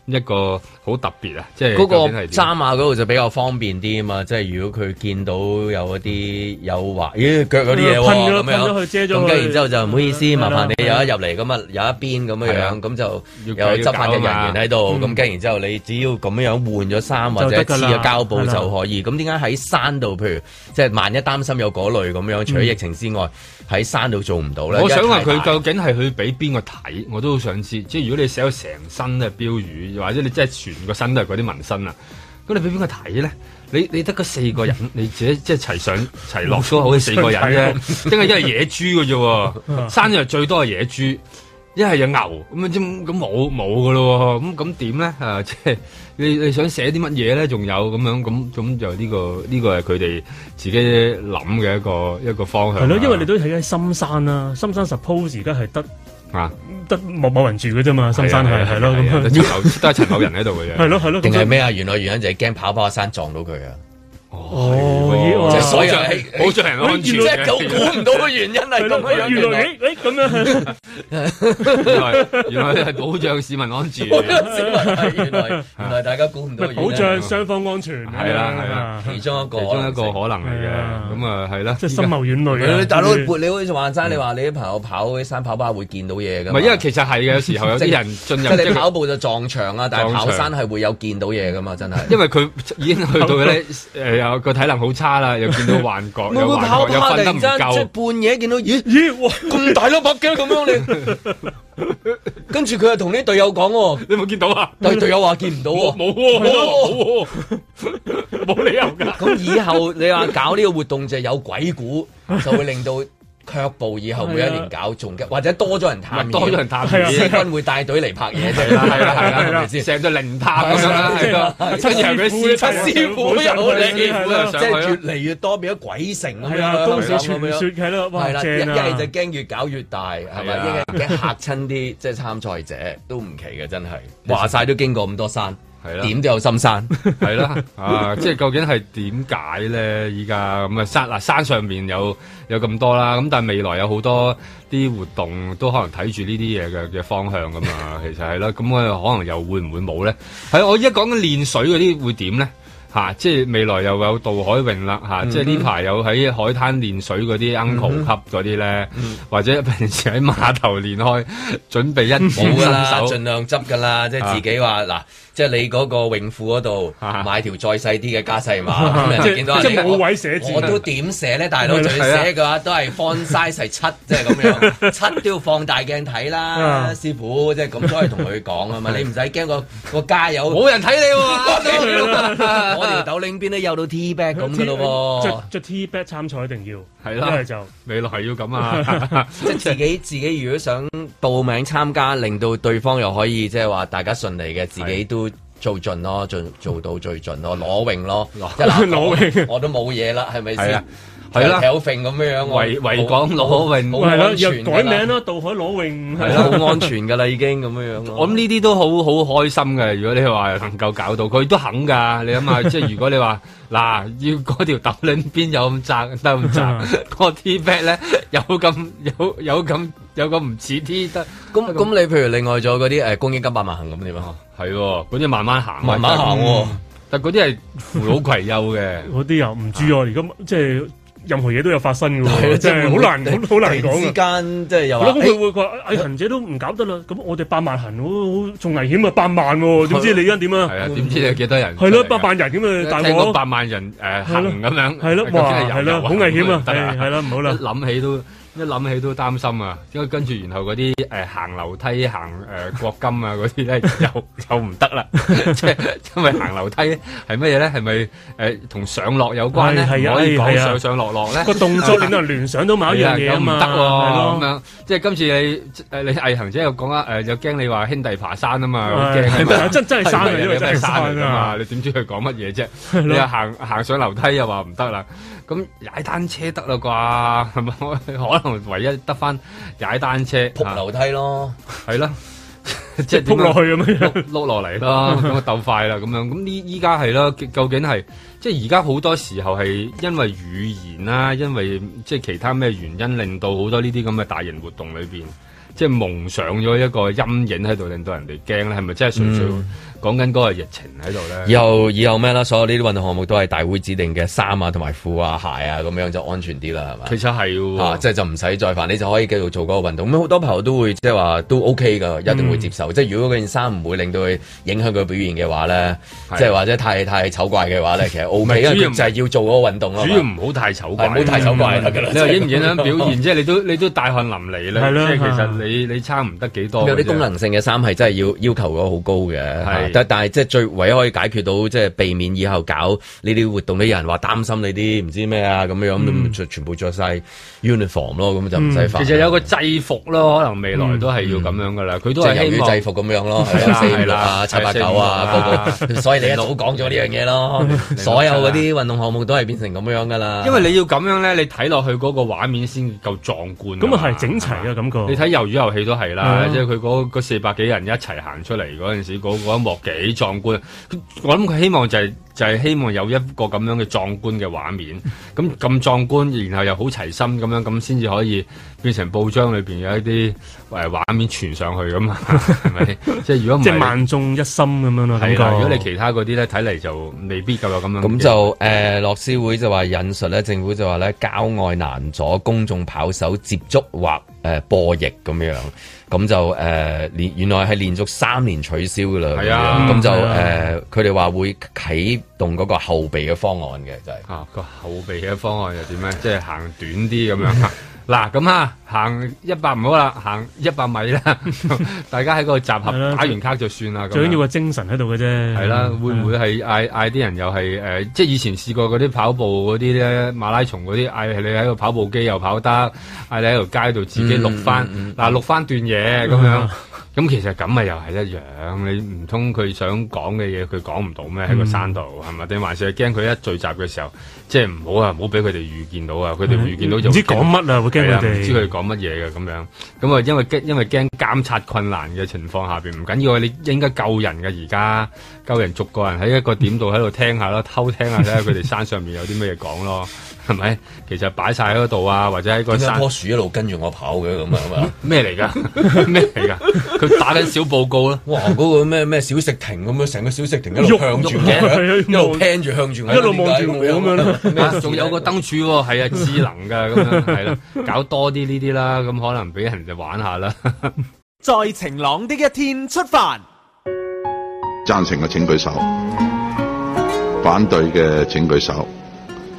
一個好特別啊！即係嗰個衫啊嗰度就比較方便啲啊嘛，嗯、即係如果佢見到有嗰啲有滑，咦、欸、腳嗰啲嘢咁樣，咁跟然之後就唔好意思，嗯、麻煩你有一入嚟咁啊，有一邊咁樣樣，咁就有執法嘅人員喺度，咁跟然之後你只要咁樣換換咗衫或者黐咗膠布就可以。咁點解喺山度，譬如即係萬一擔心有嗰類咁樣，除咗疫情之外？嗯喺山度做唔到咧。我想問佢究竟係去俾邊個睇？我都好想知道。即係如果你寫咗成身嘅標語，或者你真係全個身都係嗰啲紋身啊，咁你俾邊個睇咧？你你得嗰四個人，你自己即係齊上齊落咗好，四個人啫。 因為因為野豬嘅啫，山入最多係野豬。一係有牛咁啊，咁咁冇冇噶咯，咁咁點咧？啊，即係你你想寫啲乜嘢咧？仲有咁樣咁咁就呢個呢個係佢哋自己諗嘅一個一個方向。係咯，因為你都睇緊深山啦，深山 suppose 而家係得啊，得某某人住嘅啫嘛，深山係係咯咁。陳某都係陳某人喺度嘅啫。係咯係咯。定係咩啊？原來原因就係驚跑跑下山撞到佢啊！哦，是即係保障係、啊、保障人安全即係狗估唔到嘅原因係咁樣樣，原來誒誒咁樣，原來原來係、哎、保障市民安全，保障市民係原來原來，原來，原來、哎、大家估唔到嘢、哎，保障雙方安全係啦係啦，其中一個其中一個，其中一個可能嚟嘅，咁啊係啦，即係深謀遠慮大佬、嗯，你好似話齋，你話你啲朋友跑啲山跑跑會見到嘢嘅，唔係因為其實係嘅，有時候有啲人進入你跑步就撞牆啊，但係跑山係會有見到嘢噶嘛，真係，因為佢已經去到咧誒。個體能好差啦，又見到幻覺，又幻覺，又瞓得唔夠。半夜見到咦咦，哇，咁大粒白雞咁樣嚟。跟住佢又同啲隊友講，你冇見到啊？但隊友話見唔到，冇冇冇，冇理由噶。咁以後你話搞呢個活動就係有鬼故，就會令到。卻步以後每一年搞重嘅，或者多咗人探，多咗人探，軍會帶隊嚟拍嘢啫。係啦係啦，係咪先？成日、啊、零拍咁樣啦、啊啊啊啊啊啊啊，七師傅七師傅又嚟，即係越嚟越多變咗鬼城咁樣，多少串係啦，一係就驚越搞越大，係咪？一係驚嚇親啲即係參賽者都唔奇嘅，真係話晒都經過咁多山。係啦、啊，點都有深山，係 啦、啊，啊，即係究竟係點解咧？依家咁啊山，嗱山上面有有咁多啦，咁但係未來有好多啲活動都可能睇住呢啲嘢嘅嘅方向噶嘛，其實係啦，咁我、啊、可能又會唔會冇咧？係、啊、我而家講緊練水嗰啲會點咧？吓、啊，即係未來又有渡海泳啦吓，啊、嗯嗯即係呢排有喺海灘練水嗰啲 uncle 級嗰啲咧，嗯嗯嗯或者平時喺碼頭練開，準備一招手，盡量執噶啦、啊、啦，即係自己話嗱，即係你嗰個泳褲嗰度買條再細啲嘅加細碼就見到、啊、即係冇位寫字、啊我，我都點寫咧大佬？仲要寫嘅話是、啊、都係 font size 係七，即係咁樣，七都要放大鏡睇啦， 師傅即係咁，都係同佢講啊嘛，你唔使驚個個家有冇人睇你。啊、我哋斗拎邊都有到 T back 咁噶咯，即着 T back 參賽一定要，係啦、啊、就未來係要咁啊！即係自己自己如果想報名參加，令到對方又可以即係話大家順利嘅，自己都做盡咯，盡做，做到最盡咯，裸泳咯，攞攞泳我都冇嘢啦，係咪先？係啦，有揈咁樣樣，維維港裸泳安全改名啦，渡海裸泳係啦，好 安全噶啦，已經咁樣樣。我諗呢啲都好好開心嘅。如果你話能夠搞到，佢都肯噶。你諗下， 即係如果你話嗱，要嗰條斗輪邊有咁窄得咁窄，窄 呢個 T back 咧有咁有有咁有咁唔似 T 得。咁 咁你譬如另外咗嗰啲誒，公益金百萬行咁點啊？係，咁要慢慢行，慢慢行、哦。但嗰啲係扶老携幼嘅，嗰啲又唔知啊。而家即係。任何嘢都有發生嘅喎，即係好難，好好難講嘅。突然之間即咁佢、欸、會話，阿行者都唔搞得啦。咁我哋百萬行好好仲危險啊！百萬喎，哦，點知你而家點啊？點知你幾多人？係、呃、咯，百萬人點啊？大鑊百萬人誒行咁樣係咯，係啦好危險啊！係啦，係啦，唔好啦，諗起都。一諗起都擔心啊，因為跟住然後嗰啲誒行樓梯行誒、呃、國金啊嗰啲咧又又唔得啦，即係因為行樓梯係乜嘢咧？係咪誒同上落有關咧？可以講上上，上落落咧？個動作令到聯想到某樣嘢唔得咯，咁樣，樣即係今次你誒你毅行者又講啊誒又驚你話兄弟爬山啊嘛，驚真真係山嚟，真係山嚟啊嘛、啊，你點知佢講乜嘢啫？你又行行上樓梯又話唔得啦。咁踩單車得啦啩，係咪？可能唯一得翻踩單車、撲樓梯咯，係、啊、 對啦即係落去咁樣，碌落嚟啦，咁啊鬥快啦咁樣。咁呢依家係啦，究竟係即係而家好多時候係因為語言啦、啊，因為即係其他咩原因令到好多呢啲咁嘅大型活動裏面，即係蒙上咗一個陰影喺度，令到人哋驚咧，係咪真係純粹？講緊嗰個疫情喺度咧，以後以後咩啦？所有呢啲運動項目都係大會指定嘅衫啊，同埋褲啊、鞋啊，咁樣就安全啲啦，係嘛？其實係，啊，即係就唔、是、使再煩，你就可以繼續做嗰個運動。咁好多朋友都會即係話都 OK 噶，一定會接受。即、嗯、係、就是、如果嗰件衫唔會令到佢影響佢表現嘅話咧，即係或者太太醜怪嘅話咧，其實 OK。因為就係要做嗰個運動咯，主要唔好太醜怪，唔好太醜怪啦、就是。你話影唔影響表現？即 係你都你都大汗淋漓咧，即係、就是、其實你 你，你差唔得幾多、啊。有、啊、啲功能性嘅衫係真係要要求咗好高嘅。但係，即係最唯一可以解決到，即係避免以後搞呢啲活動嘅人話擔心你啲唔知咩啊咁樣，咁、嗯、全部着晒 uniform、嗯、咯，咁就唔使煩。其實有個制服咯，可能未來都係要咁樣噶啦。佢、嗯、都係。即、就、係、是、制服咁樣咯。係、啊、啦，四六,四六啊，七八九啊，嗰個。所以你老講咗呢樣嘢咯。所有嗰啲運動項目都係變成咁樣噶啦。因為你要咁樣咧，你睇落去嗰個畫面先夠壯觀。咁啊係整齊嘅感覺。那個、你睇魷魚遊戲都係啦，啊、即係佢嗰嗰四百幾人一齊行出嚟嗰陣時，那個、一幕。幾壯觀，我諗佢希望就係、是、就係、是、希望有一個咁樣嘅壯觀嘅畫面，咁咁壯觀，然後又好齊心咁樣，咁先至可以變成報章裏邊有一啲誒畫面傳上去咁、 就是就是、啊，係咪？即係如果唔係萬眾一心咁樣咯，係如果你其他嗰啲咧，睇嚟就未必夠有咁樣。咁就誒，律師、呃、會就話引述咧，政府就話咧，郊外難阻公眾跑手接觸或誒、呃、播疫咁樣。咁就誒、呃、原來係連續三年取消嘅啦，咁、啊、就誒佢哋話會啟動嗰個後備嘅方案嘅就係、是、啊，個後備嘅方案又點咧？即係行短啲咁樣。 嗱咁啊，行一百唔好啦，行一百米啦，大家喺個集合打完卡就算啦。 最緊要個精神喺度嘅啫。係啦，會唔會係嗌嗌啲人又係誒，即係以前試過嗰啲跑步嗰啲咧，馬拉松嗰啲，嗌你喺個跑步機又跑得，嗌你喺條街度自己錄翻，嗱錄翻段嘢咁樣。咁、嗯、其實咁啊又係一樣，你唔通佢想講嘅嘢佢講唔到咩？喺個山度係咪？定、嗯、還是驚佢一聚集嘅時候？即係唔好啊！唔好俾佢哋預見到啊！佢哋預見到就唔知講乜啊！會驚佢哋，唔知佢哋講乜嘢嘅咁樣。咁啊，因為驚，因為驚監察困難嘅情況下邊唔緊要啊！你應該救人嘅而家，救人逐個人喺一個點度喺度聽下咯，偷聽下睇下佢哋山上面有啲乜嘢講咯，係 咪？其實擺晒喺嗰度啊，或者喺個山棵樹一路跟住我跑嘅咁樣？咩嚟㗎？咩嚟㗎？佢 打緊小報告啦！哇！嗰、嗰個咩咩小食亭咁樣，成個小食亭一路向住我，一路聽住向住我， 一路向住我，一路望住咁樣。 仲有個燈柱，哦，係 啊，智能噶咁樣係啦，搞多啲呢啲啦，咁可能俾人就玩一下啦。在 晴朗啲嘅一天出發，贊成嘅，請舉手，反對嘅，請舉手。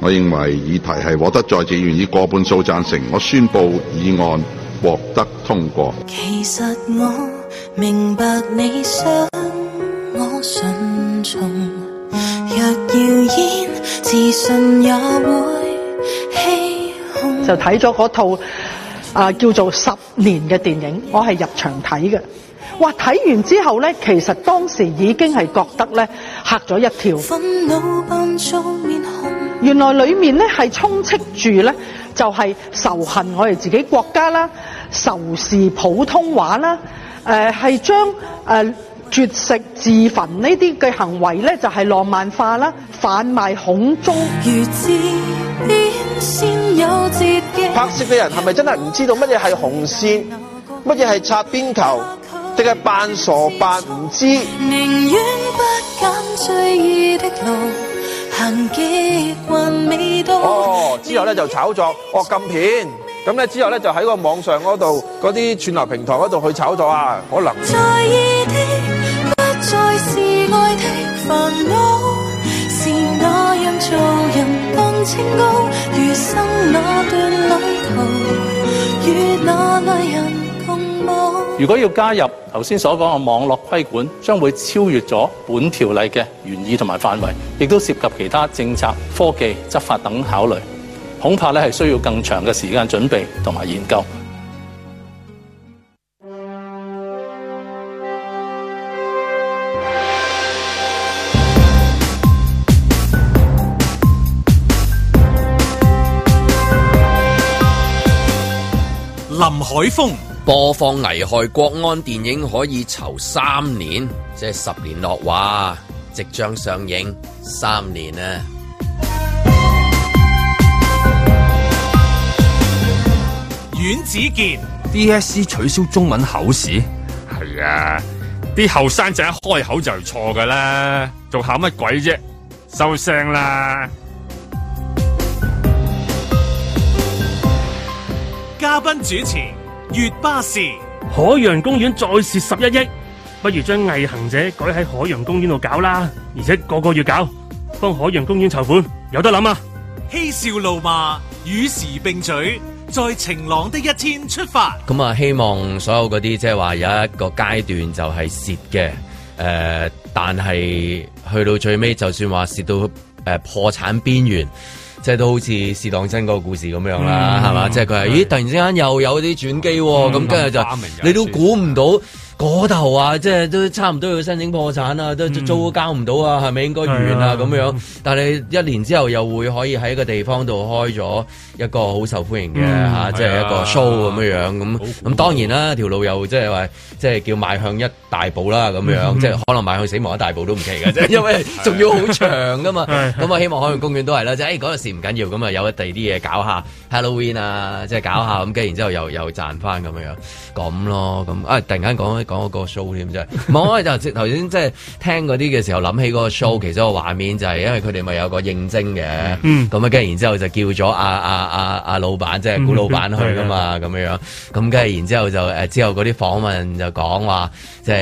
我認為議題係獲得在場議員以過半數贊成，我宣布議案獲得通過。其實我明白你想我順從。若自信也就睇咗嗰套啊叫做《十年》嘅電影，我係入場睇嘅。哇，睇完之後咧，其實當時已經係覺得咧，吓咗一跳。原來裏面呢係充斥住咧就係、是、仇恨我哋自己國家啦、仇視普通話啦，誒係將誒。絕食自焚呢啲嘅行為咧，就係浪漫化啦，販賣恐知，拍攝嘅人係咪真係唔知道乜嘢係紅線，乜嘢係擦邊球，定係扮傻扮唔知？寧願不敢意的路行未到？哦，之後咧就炒作惡、哦、禁片，咁咧之後咧就喺個網上嗰度，嗰啲串流平台嗰度去炒作啊，可能。如果要加入頭先所講嘅網絡規管，將會超越咗本條例嘅原意同埋範圍，亦都涉及其他政策、科技、執法等考慮，恐怕咧係需要更長嘅時間準備同埋研究。林海峰播放危害國安電影可以囚三年，即係十年落畫，即將上映三年啊！阮子健 DSC 取消中文口試，係啊，啲後生仔一開口就係錯噶啦，仲考乜鬼啫？收聲啦！嘉賓主持，月巴士海洋公園再蝕十一億，不如將毅行者改喺海洋公園度搞啦，而且個個月搞，幫海洋公園籌款，有得諗啊！嬉笑怒罵，與時並嘴，在晴朗的一天出發。咁啊，希望所有嗰啲即係話有一個階段就係蝕嘅，誒、呃，但係去到最尾，就算話蝕到誒、呃、破產邊緣。即係都好似事當真個故事咁樣啦，係、嗯、嘛？即係佢係咦！突然之間又有啲轉機，喎，咁跟住就你都估唔到嗰頭啊！即、就、係、是、都差唔多要申請破產啊，嗯、都租交唔到啊，係咪應該完啊咁樣，但係一年之後又會可以喺個地方度開咗一個好受歡迎嘅吓，即、嗯、係、啊就是、一個 show 咁樣樣咁。咁當然啦，條路又即係話即係叫邁向一。大步啦咁樣，嗯、即係可能買去死亡一大步都唔奇嘅啫、嗯，因為仲要好長噶嘛。咁 啊，希望海洋公園都係啦，即係嗰時唔緊要，咁啊，嗯、就有一第二啲嘢搞下 Halloween 啊，即係搞下，咁跟住然之後又、嗯、後又賺翻咁樣樣，咁咯，咁啊，突然間講講嗰個 show 添啫。冇啊就頭先即係聽嗰啲嘅時候諗起嗰個 show，其實個畫面就係、是、因為佢哋咪有個應徵嘅，咁、嗯、啊，跟住然之後就叫咗阿阿阿阿老闆，即、就、係、是、古老闆去噶嘛，咁、嗯、樣、嗯、樣，咁跟住然之後就誒之後嗰啲訪問就講話即係。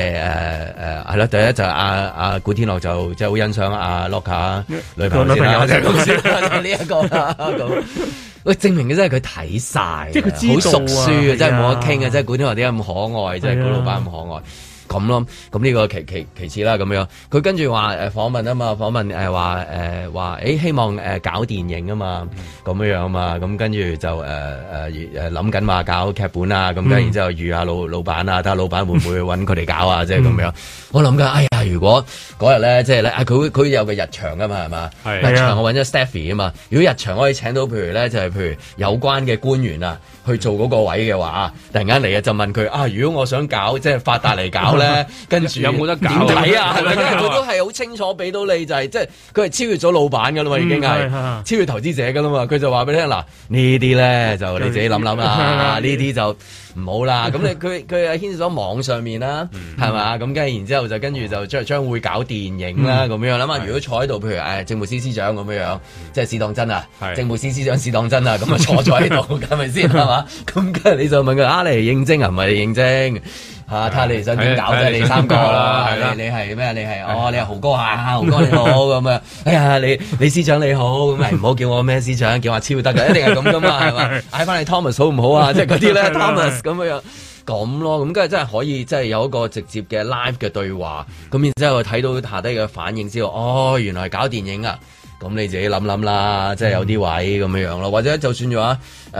誒誒誒，係啦、呃！第一就阿阿、啊啊、古天樂就即係好欣賞阿 Loca 女朋友先啦，就呢一個咁。喂， 證明嘅真係佢睇晒，即係佢好熟書啊！的真係冇得傾啊！真係的古天樂點解咁可愛？真係古老闆咁可愛。 咁咯，咁呢個其其其次啦，咁樣佢跟住話誒訪問啊嘛，訪問誒話誒話，希望誒、呃、搞電影啊嘛，咁樣啊嘛，咁跟住就誒誒諗緊話搞劇本啊，咁跟然之後預下老老闆啊，睇下老闆會唔會揾佢哋搞啊，即係咁樣。嗯、我諗緊，哎呀，如果嗰日咧，即係咧，啊佢佢有個日場噶嘛，係嘛？日場我揾咗 Stephie 啊嘛，如果日場我可以請到，譬如咧，就係、是、譬如有關嘅官員啊。去做嗰個位嘅話，突然間嚟嘅就問佢啊，如果我想搞即係發達嚟搞咧， 跟住有冇得搞啊？係咪？佢都係好清楚俾到你，就係、是、即係佢係超越咗老闆噶啦嘛、嗯，已經係超越投資者噶啦嘛，佢就話俾你聽嗱，啊、呢啲咧就你自己諗諗啦，呢啲、啊、就。 唔好啦，咁你佢佢係牽涉咗網上面啦，係 嘛，咁跟住然之後，後就跟住就將將會搞電影啦，咁、嗯、樣啦嘛。如果坐喺度，譬如誒、哎、政務司司長咁樣樣，即係試當真啊，政務司司長試當真啊，咁啊坐喺度，咁咪先係嘛？咁跟住你就問佢啊，嚟應徵啊，唔係你應徵。嚇、啊！睇下你想點搞啫、就是，你三個啦，你你係咩？你係哦，你係豪哥啊！豪哥你好咁啊！ 哎呀，你李司長你好咁，唔 好叫我咩司長，叫我超得嘅，一定係咁噶嘛，係 嘛？嗌翻你 Thomas 好唔好啊？即係嗰啲咧，Thomas 咁樣咁咯，咁跟住真係可以，即係有一個直接嘅 live 嘅對話，咁 然之後睇到下低嘅反應之後，哦，原來係搞電影啊！咁你自己諗諗啦，即、就、係、是、有啲位咁樣樣咯，嗯、或者就算話誒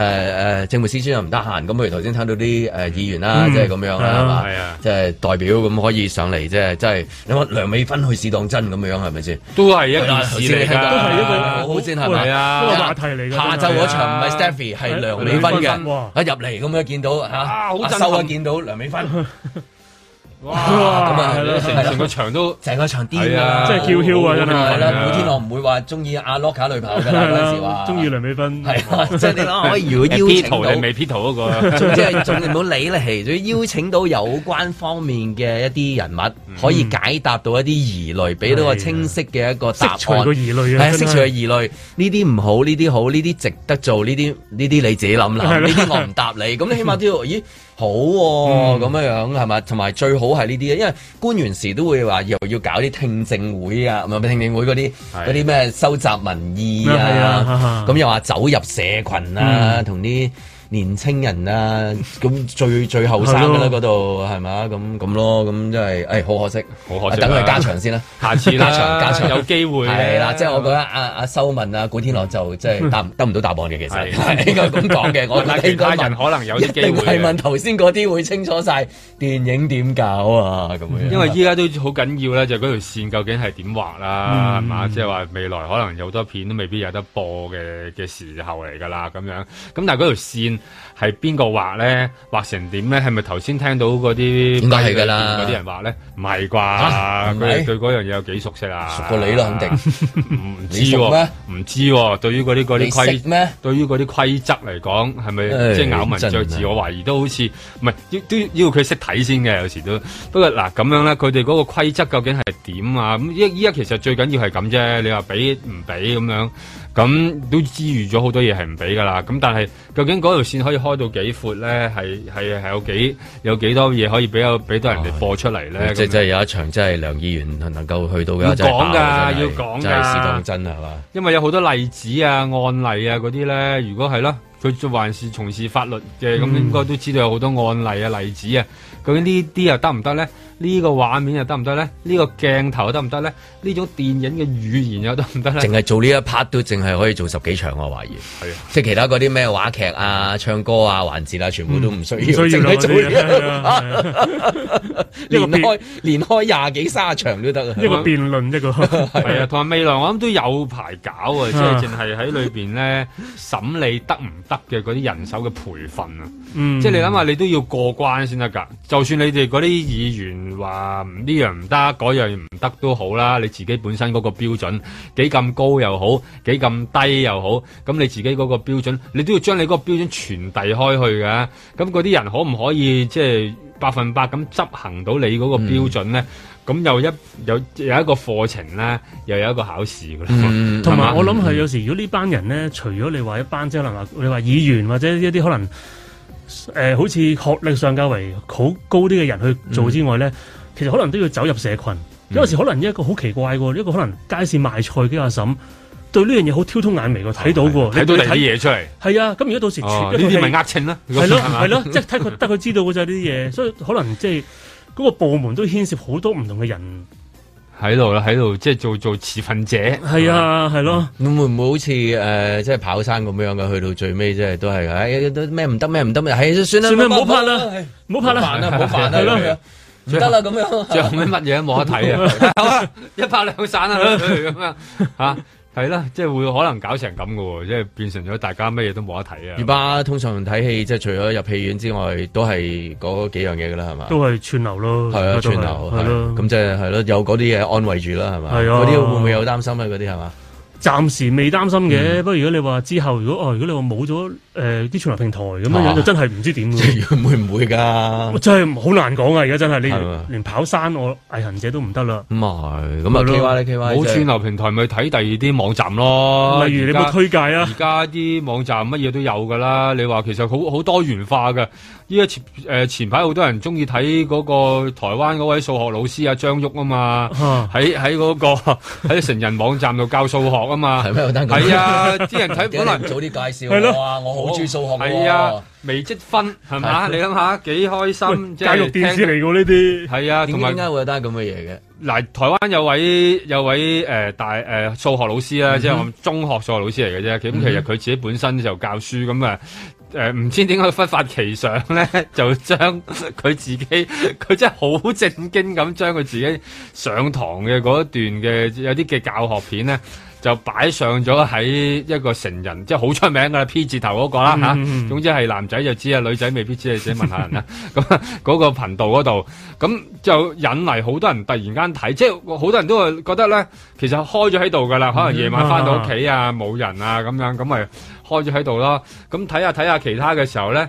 誒政務司長又唔得閒，咁譬如頭先聽到啲誒議員啦，即係咁樣啦，係、嗯、啊，即係代表咁可以上嚟，即係即係，你梁美芬去試當真咁樣，係咪先？都係一個、啊、都係一個好先係係啊，個、啊啊啊啊啊啊啊啊啊、下晝嗰場唔係 Stephy 係梁美芬嘅，一、啊、入嚟咁樣見到嚇，收啊，啊，好啊，啊，啊見到梁美芬。 哇！咁啊，成成個場都成個場癲啊！即係叫囂啊！咁啊，古天樂唔會話中意阿 Loca 女朋友嘅嗰陣時話，中意梁美芬係即係你可如果邀請到、uh, Pito，未？P 圖嗰個即係仲唔好理咧，仲 要邀請到有關方面嘅一啲人物， 可以解答到一啲疑慮，俾到個清晰嘅一個答案。釋除疑慮啊！啊，釋除疑慮。呢啲唔好，呢啲好，呢啲值得做，呢啲呢啲你自己諗啦。呢啲我唔答你。咁 你起碼都要咦？好喎、啊，咁、嗯、樣樣係咪？同埋最好係呢啲，因為官員時都會話又要，要搞啲聽證會啊，唔係聽證會嗰啲嗰啲咩收集民意啊，咁又話走入社群啊，同啲。年青人啊，咁最最後生嘅啦，嗰度係咪？咁咁咯，咁即係誒好可惜，好可惜、啊。等佢加場先啦、啊，下次啦 加場，加場有機會係、啊、啦，即係我覺得阿阿修文啊古天樂就即係答得唔到答案嘅，其實應該咁講嘅。 我覺得你應該其他人可能有啲機會。一定問頭先嗰啲會清楚晒，電影點搞啊？咁、嗯、樣。因為依家都好緊要咧，就嗰、是、條線究竟係點畫啦，係、嗯、嘛？即係話未來可能有好多片都未必有得播嘅嘅時候嚟㗎啦，咁樣。咁但係嗰條線。係邊個畫咧？畫成點咧？係咪頭先聽到嗰啲？點解噶啦？嗰啲人話咧？唔係啩？佢哋對嗰樣嘢有幾熟悉啊？熟過、啊、你啦，肯定 唔知道。唔知咩、啊？唔知道、啊、對於啲嗰啲規，對於啲規則嚟講，係咪、哎、即係咬文嚼字？我懷疑都好似唔係，都要佢識睇先嘅。有時都不過嗱咁樣咧，佢哋嗰個規則究竟係點啊？咁依依家其實最緊要係咁啫。你話俾唔俾咁樣？咁、嗯、都知預咗好多嘢係唔俾㗎啦，咁但係究竟嗰條線可以開到幾闊咧？係係有幾有幾多嘢可以俾到俾到人哋播出嚟咧、啊嗯？即係有一場，即係梁議員能能夠去到嘅，要講㗎，要講㗎，事當真係嘛？因為有好多例子啊、案例啊嗰啲咧，如果係啦、啊，佢就還是從事法律嘅，咁、嗯、應該都知道有好多案例啊、例子啊。究竟行行呢啲又得唔得咧？呢、這個畫面又得唔得咧？這個、鏡行行呢個鏡頭又得唔得咧？呢種電影嘅語言又得唔得咧？淨係做呢一 part 都淨係可以做十幾場、啊，我懷疑。係啊，即係其他嗰啲咩話劇啊、唱歌啊環節啊，全部都唔需要。嗯、需要咯。呢個開連開廿、啊啊啊啊啊、幾卅場都得啊！呢個辯論，呢個係啊，同埋、啊啊啊啊、未來我諗都有排搞啊，即係淨係喺裏邊咧審理得唔得嘅嗰啲人手嘅培訓啊。嗯，即係你諗下，你都要過關先得噶。就算你哋嗰啲議員話呢樣唔得，嗰樣唔得都好啦。你自己本身嗰個標準幾咁高又好，幾咁低又好，咁你自己嗰個標準，你都要將你嗰個標準傳遞開去㗎。咁嗰啲人可唔可以即係、就是、百分百咁執行到你嗰個標準咧？咁、嗯、又一有有一個課程咧，又有一個考試㗎喇。同、嗯、埋我諗係有時，如果呢班人咧，除咗你話一班即係可能話，你話議員或者一啲可能。誒、呃，好似學歷上較為好高啲嘅人去做之外咧、嗯，其實可能都要走入社群。嗯、有時可能一個好奇怪嘅一個可能街市賣菜嘅阿嬸，對呢樣嘢好挑通眼眉喎，睇到喎，睇、哦、到睇嘢出嚟。係啊，咁如果到時哦，呢啲咪呃秤啦，係咯係咯，即係睇佢，得、啊，佢、 就係、知道嘅咋呢啲嘢， 所以可能即係嗰個部門都牽涉好多唔同嘅人。喺度啦，喺度即係做做持份者，係啊，係咯、啊。嗯、會唔會好似誒、呃，即係跑山咁樣嘅？去到最尾即係都係誒，咩唔得咩唔得咩？係、哎，算啦，唔好拍啦，唔好拍啦，冇辦啦，好辦啦，唔得啦，咁樣、啊啊啊、最後尾乜嘢都冇得睇啊？ 一拍兩散啊，咁 樣吓。啊係啦，即係會可能搞成咁喎，即係變成咗大家乜嘢都冇得睇啊！而家通常睇戲，即係除咗入戲院之外，都係嗰幾樣嘢噶啦，係嘛？都係串流咯，係啊，串流係咯，咁即係係咯，有嗰啲嘢安慰住啦，係嘛？嗰啲會唔會有擔心咧？嗰啲係嘛？暫時未擔心嘅、嗯，不過如果你話之後，如果哦，如果你話冇咗誒啲串流平台咁樣樣、啊，就真係唔知點喎。會唔會㗎？真係好難講啊！而家真係你係咪連跑山，我毅行者都唔得啦。咁啊係，咁啊冇串流平台咪睇第二啲網站咯。例如你有冇推介啊？而家啲網站乜嘢都有㗎啦。你話其實好好多元化㗎。依一次前排好、呃、多人中意睇嗰個台灣嗰位數學老師阿、啊、張旭啊嘛，喺喺嗰個喺成人網站度教數學。 咁啊，係咩係啊，啲人睇本嚟唔早啲介紹，哇！我好鍾意數學啊，係微積分係咪？你諗下幾開心即係，教育電視嚟喎呢啲。係啊，點解會有得咁嘅嘢嘅？嗱，台灣有位有位誒、呃、大誒、呃、數學老師啦、嗯，即係我中學數學老師嚟嘅啫。咁、嗯、其實佢自己本身就教書咁啊，誒唔、呃、知點解佢忽發奇想咧，就將佢自己佢真係好正經咁將佢自己上堂嘅嗰一段嘅有啲嘅教學片咧。就擺上咗喺一個成人，即係好出名噶啦 P 字頭嗰，嗰個啦吓。嗯嗯，總之係男仔就知啊，女仔未必知，自己問下人啦。咁 嗰個頻道嗰度，咁就引嚟好多人突然間睇，即係好多人都覺得咧，其實開咗喺度噶啦。可能夜晚翻到屋企、嗯、啊，啊，冇人啊咁樣，咁咪開咗喺度咯。咁睇下睇下其他嘅時候咧。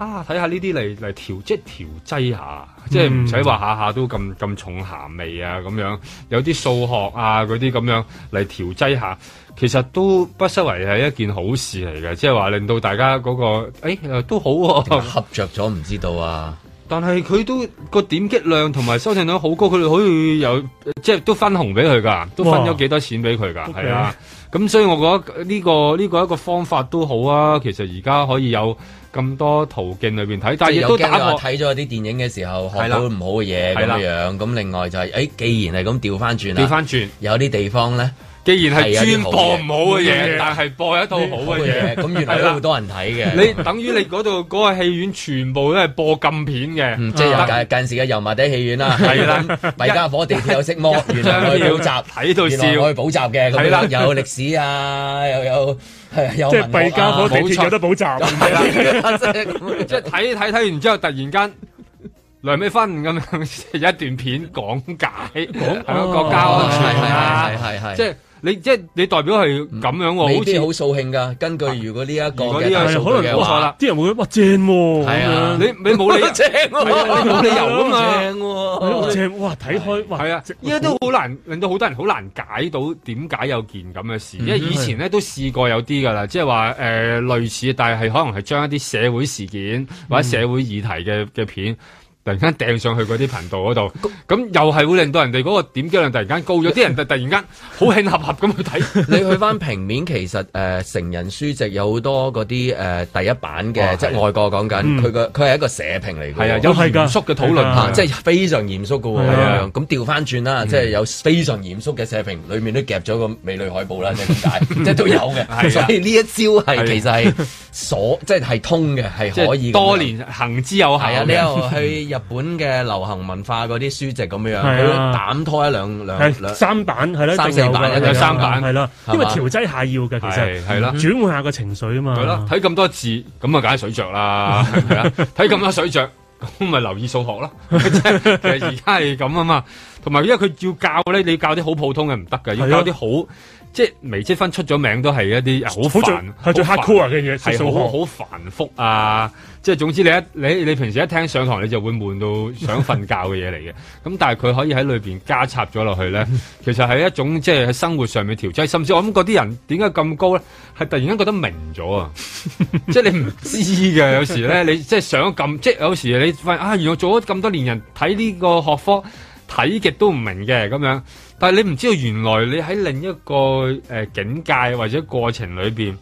啊！睇下呢啲嚟嚟調即係調劑下，嗯、即係唔使話下下都咁咁重鹹味啊咁樣，有啲數學啊嗰啲咁樣嚟調劑下，其實都不失為係一件好事嚟嘅，即係話令到大家嗰、那個、欸啊、都好、啊、合着咗，唔知道啊！但係佢都個點擊量同埋收聽量好高，佢哋可以有即係都分紅俾佢噶，都分咗幾多錢俾佢噶，係啊！咁、okay. 嗯、所以我覺得呢、這個呢、這個一個方法都好啊，其實而家可以有。咁多途徑裏面睇，但係都驚話睇咗啲電影嘅時候學到唔好嘅嘢咁樣。咁另外就係、是，誒、哎，既然係咁調翻轉啦，調翻轉，有啲地方咧。既然係專播唔好嘅嘢，但係播一套好嘅嘢，咁原來都好多人睇嘅。你等於你嗰度嗰個戲院全部都係播禁片嘅，即係近近時嘅油麻地戲院啦。係啦，弊家伙地鐵有色魔，原來去補習睇到笑，去補習嘅。係啦，有歷史啊，又有係，有即係弊家伙地鐵有得補習。即係即係睇睇睇完之後，突然間梁美芬咁樣有一段片講解，講國家安全啊，係係，即係。你即係你代表係咁樣喎，好似好掃興噶。根據如果呢一個嘅係、啊這個，可能冇錯啦。啲人會哇、啊、正喎、啊，係啊，啊，啊，啊，你你冇理正，冇理由啊嘛正，正哇睇開係啊，依、啊、家、啊啊啊啊啊、都好難令到好多人好難解到點解有件咁嘅事。因、嗯、為以前咧都試過有啲噶啦，即係話誒類似，但係可能係將一啲社會事件或者社會議題嘅嘅片。嗯突然間掟上去嗰啲頻道嗰度，咁又係會令到人哋嗰個點擊量突然間高咗，啲人突然間好興合合咁去睇。 你去翻平面，其實誒、呃、成人書籍有好多嗰啲誒第一版嘅，即係外國講緊，佢個佢係一個社評嚟嘅，係啊，有係噶嚴肅嘅討論，即係非常嚴肅嘅。咁調翻轉啦，即係有非常嚴肅嘅社評，裏面都夾咗個美女海報啦， 即係點解？即係都有嘅、啊。所以呢一招係、啊、其實係所、啊、即係係通嘅，係可以多年行之有效啊！你又去。嗯日本嘅流行文化嗰啲書籍咁樣樣，佢抌、啊、拖一兩兩是、啊、三版，係啦，三四版一、啊啊啊、三版，係啦、啊啊，因為調劑下要嘅，其實係啦、啊嗯啊，轉換下個情緒啊嘛，係咯、啊，睇咁多字咁 啊，梗係水著啦，係啊，睇咁多水著咁咪留意數學咯， 其實而家係咁啊嘛，同埋因為佢要教咧，你要教啲好普通嘅唔得㗎，要教啲好。即係微積分出咗名都係一啲好煩，係最 hard core 嘅嘢，係好好繁複啊！即係總之你一你你平時一聽上堂你就會悶到想瞓覺嘅嘢嚟嘅。咁 但係佢可以喺裏面加插咗落去咧，其實係一種即係喺生活上面調劑。甚至我諗嗰啲人點解咁高咧？係突然間覺得明咗啊！ 即係你唔知嘅有時咧，你即係想咁，即有時你發現啊，原來做咗咁多年人睇呢個學科睇極都唔明嘅咁樣。但係你唔知道，原來你喺另一個誒境界或者過程裏邊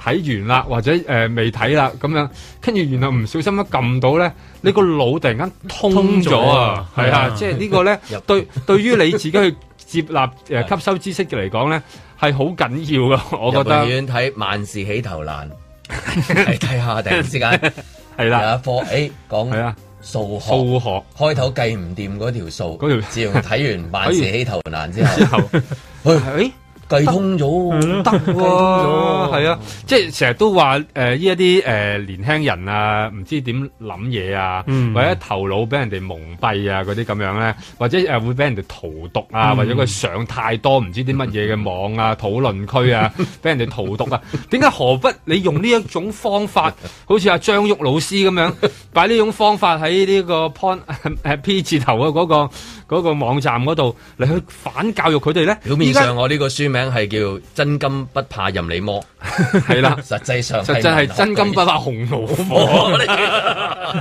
睇完啦，或者誒未睇啦咁樣，跟住然後唔小心一撳到咧，你個腦突然間通咗啊！係啊，即係呢個咧對對於你自己去接納誒吸收知識嘅嚟講咧，係好緊要噶。我覺得永遠睇萬事起頭難，睇下突然之間，係啦，科誒講，係啊。數學，數學開頭計唔掂嗰條數，自從睇完萬事起頭難之後，之後 去誒。 計通咗，得喎，係啊，啊，即係成日都話誒，呢一啲誒年輕人啊，唔知點諗嘢啊，嗯，或者頭腦俾人哋蒙蔽啊，嗰啲咁樣咧，或者誒、呃、會俾人哋荼毒啊。嗯，或者佢上太多唔知啲乜嘢嘅網啊，討論區啊，俾人哋荼毒啊，點 解何不你用呢一種方法， 好似阿張旭老師咁樣，擺呢種方法喺呢個 point P 字頭啊嗰、嗰個嗰、嗰個網站嗰度你去反教育佢哋咧？表面上我呢個書名係叫真金不怕任你摸，係啦。實際上，實際係真金不怕紅爐火。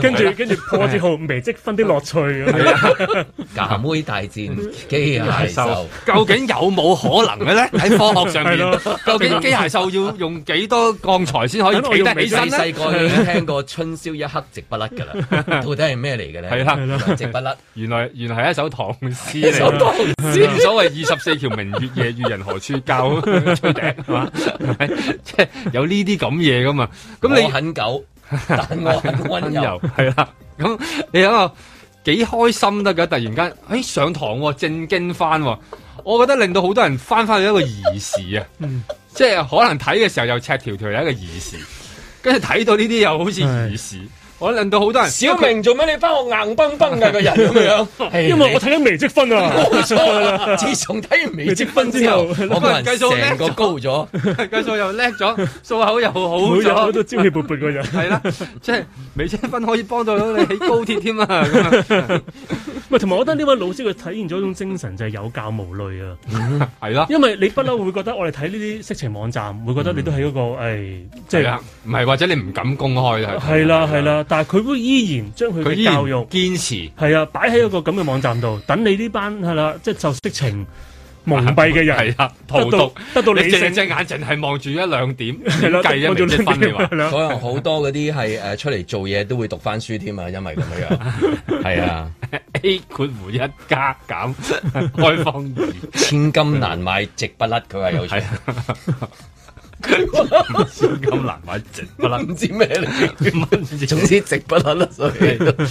跟住跟住，破之後微積分啲樂趣。夾妹大戰機械獸，究竟有冇可能嘅咧？喺科學上面，究竟機械獸要用幾多鋼材先可以企得起身咧？細個已經聽過春宵一刻值不甩嘅啦，到底係咩嚟嘅咧？係啦，值不甩。原來原來係一首唐詩嚟。一首唐詩，所謂二十四條明月夜。遇人何處教？出頂係即係有呢啲咁嘢噶嘛？咁你很久但我很溫柔係啦。咁 你諗下幾開心得㗎？突然間，誒、哎、上堂正經翻，我覺得令到好多人翻翻去一個儀式啊！即係可能睇嘅時候又赤條條，一個儀式；跟住睇到呢啲又好似儀式。我令到好多人。小明做咩？你翻學硬崩崩嘅個人咁樣。因為我睇咗微積分啊， 冇錯自從睇完微積分， 分之後，我咪繼續叻咗，高咗，繼 續又叻咗，數 口又好好多朝氣勃勃個人。係 啦、啊，即、就、係、是、微積分可以幫到你起高鐵添啊。唔係，同埋我覺得呢位老師佢體現咗一種精神，就係有教無類啊。係 咯、啊，因為你不嬲會覺得我哋睇呢啲色情網站，會覺得你都係嗰、那個誒，即係唔係？或者你唔敢公開係啦，係啦、啊。但係佢會依然將佢嘅教育堅持，係啊，擺喺一個咁嘅網站度，等、嗯、你呢班係啦、啊，即係就色情蒙蔽嘅人，係啊，逃讀、啊、得到你隻隻眼睛係望住一兩點嚟計一啲分嘅話，所以好多嗰啲係誒出嚟做嘢都會讀翻書添啊，因為咁樣，係 是啊，A 括弧一加減開方二， 千金難買值不甩，佢係有錢、啊。 咁難買直不甩，唔知咩咧，總之直不甩啦，所以係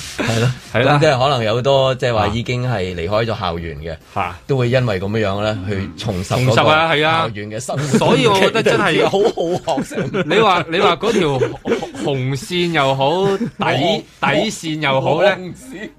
係啦，即係可能有好多即係話已經係離開咗校園嘅，吓、啊、都會因為咁樣樣咧去重拾，重拾啊，係啊，校園嘅生活。所以我覺得真係好好學。你話你話嗰條紅線又好，底底線又好咧，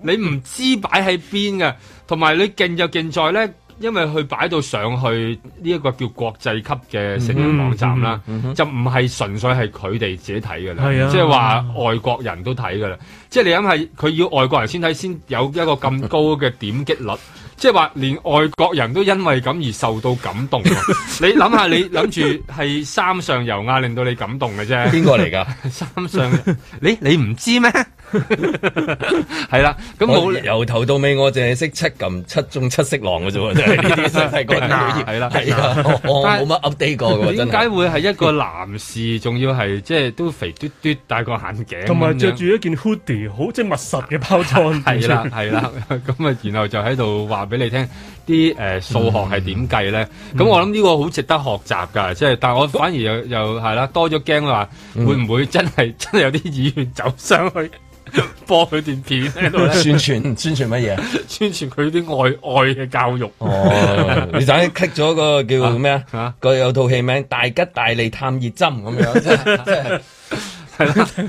你唔知擺喺邊嘅，同埋你勁就勁在咧。因為佢擺到上去呢一個叫國際級嘅成人網站啦、嗯嗯，就唔係純粹係佢哋自己睇噶啦，即係話外國人都睇噶啦，即係你諗下，佢、就是、要外國人先睇先有一個咁高嘅點擊率，即係話連外國人都因為咁而受到感動。 你諗下，你諗住係三上悠亞令到你感動嘅啫，邊個嚟噶？三上 你，你你唔知咩？係 啦，咁我由頭到尾我淨係識七咁，七中七色狼嘅啫，真係呢啲真係嗰啲好熱，係 啦，係冇乜 update 過。點解會係一個男士，仲要係即係都肥嘟嘟，戴個眼鏡，同埋着住一件 hoodie，好即密實嘅包裝。係 啦，對了，係啦，咁啊，然後就喺度話俾你聽啲誒數學係點計咧？咁 我諗呢個好值得學習噶即係，但我反而又又係啦，多咗驚話會唔會真係真係有啲議員走上去？播佢段片喺度宣傳宣傳乜嘢？宣傳佢啲愛愛嘅教育。哦、 你等刻咗個叫咩啊？佢、啊、有套戲名《大吉大利探熱針》咁樣。啫 即係。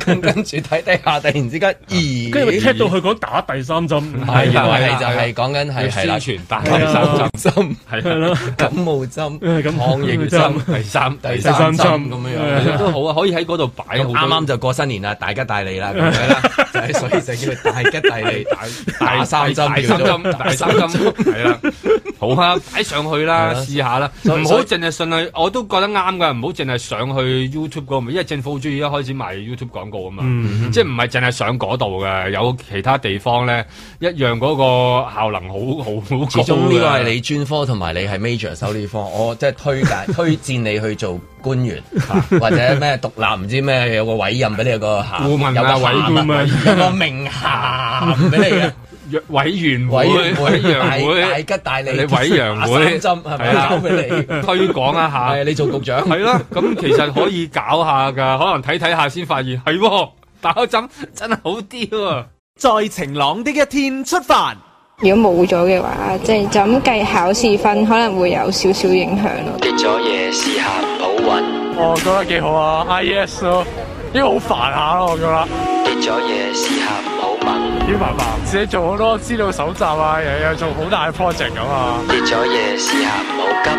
跟跟住睇低下，突然之間咦，跟住聽到佢講打第三針，係你就係講緊係宣傳打第三針，係啦，感冒針、抗疫針、第三、第三針咁樣樣，都好啊，可以喺嗰度擺好。啱啱就過新年啦，大吉大利啦，咁樣啦，就喺水石叫大吉大利 打打三針，打三針，打三針，係啦， 好啊，擺上去啦，試下啦，唔好淨係信佢，我都覺得啱嘅，唔好淨係上去 YouTube 嗰，因為政府好中意一開始賣 YouTube 廣告啊嘛，嗯嗯、即係唔係淨係上嗰度嘅，有其他地方咧一樣嗰個效能好好好高嘅。始終呢個係你專科同埋你係 major 修呢科，我即係推介 推薦你去做官員， 啊、或者咩獨立唔知咩有個委任俾你、那個下、顧問啊，有個委官嘛， 有個名銜俾你啊。 約委員會、委員會、大吉大利、你委員會、打針係咪？交俾你推廣一下。係你做局長。係啦，咁其實可以搞下噶，可能睇睇下先發現，係喎打針真係好啲喎。在晴朗的一天出發。如果冇咗嘅話，即係就咁計考試分，可能會有少少影響咯。跌咗嘢，試下唔好運。我覺得幾好啊！I S 咯，因為好煩下咯，我覺得。跌咗嘢，試下唔好運。要爸爸自己做好多資料搜集啊，又有做好大 project 咁啊。跌咗嘢試下唔好急，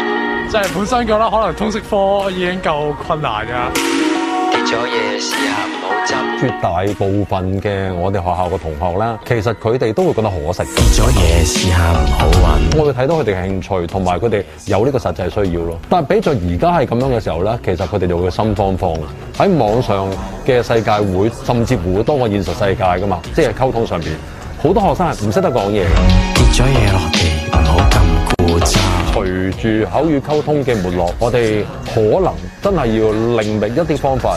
即 係、就是、本身覺得可能通識科已經夠困難㗎。咗嘢試下唔好執絕大部分嘅我哋學校嘅同學啦，其實佢哋都會覺得可惜。跌咗嘢試下唔好玩。我會睇到佢哋嘅興趣，同埋佢哋有呢個實際需要咯。但係比在而家係咁樣嘅時候咧，其實佢哋就會心慌慌。喺網上嘅世界會甚至乎多過現實世界噶嘛，即係溝通上面好多學生係唔識得講嘢。跌咗嘢落地唔好咁固執，隨住口語溝通嘅沒落，我哋可能真係要另覓一啲方法。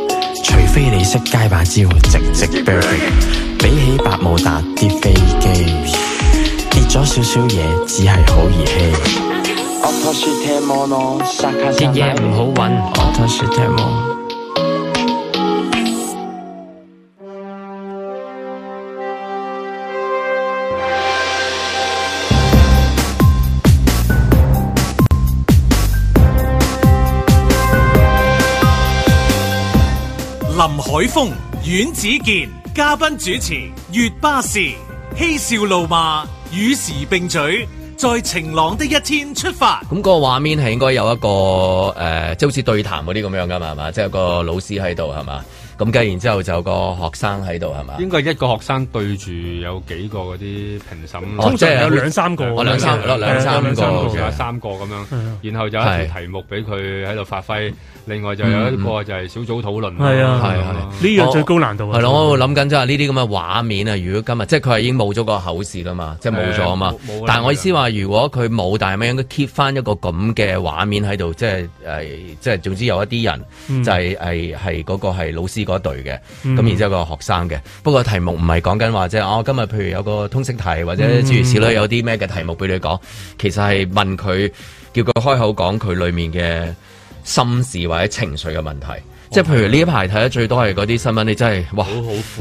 除非你識街霸招，直直 boom！比起百慕達啲飛機，跌咗少少嘢，只係好兒戲。啲嘢唔好揾。風，阮子健，嘉賓主持，月巴士，嬉笑怒罵，與時並舉，在晴朗的一天出發。咁、那個畫面係應該有一個誒、呃，即係好似對談嗰啲咁樣噶嘛，係嘛？即係有個老師喺度係嘛？咁跟然之後就有個學生喺度係嘛？應該一個學生對住有幾個嗰啲評審，通、哦、常、哦、有兩三個，我兩三，兩、哦、三個，兩三個咁樣，然後就有一條題目俾佢喺度發揮。另外就有一個就係小組討論，係、嗯、啊，係係呢個最高難度係咯，我諗緊即係呢啲咁嘅畫面啊。如果今日即係佢係已經冇咗個口試啦嘛，即係冇咗啊嘛。但係我意思話、嗯，如果佢冇，但係咪應該 keep 翻一個咁嘅畫面喺度，即係誒、即係總之有一啲人就係係嗰個係老師嗰隊嘅，咁、嗯、然之後有個學生嘅。不過題目唔係講緊話即係哦，今日譬如有個通識題或者諸如此類有啲咩嘅題目俾你講、嗯，其實係問佢叫佢開口講佢裏面嘅。心事或者情緒嘅問題，哦、即係譬如呢一排睇得最多係嗰啲新聞，你真係哇，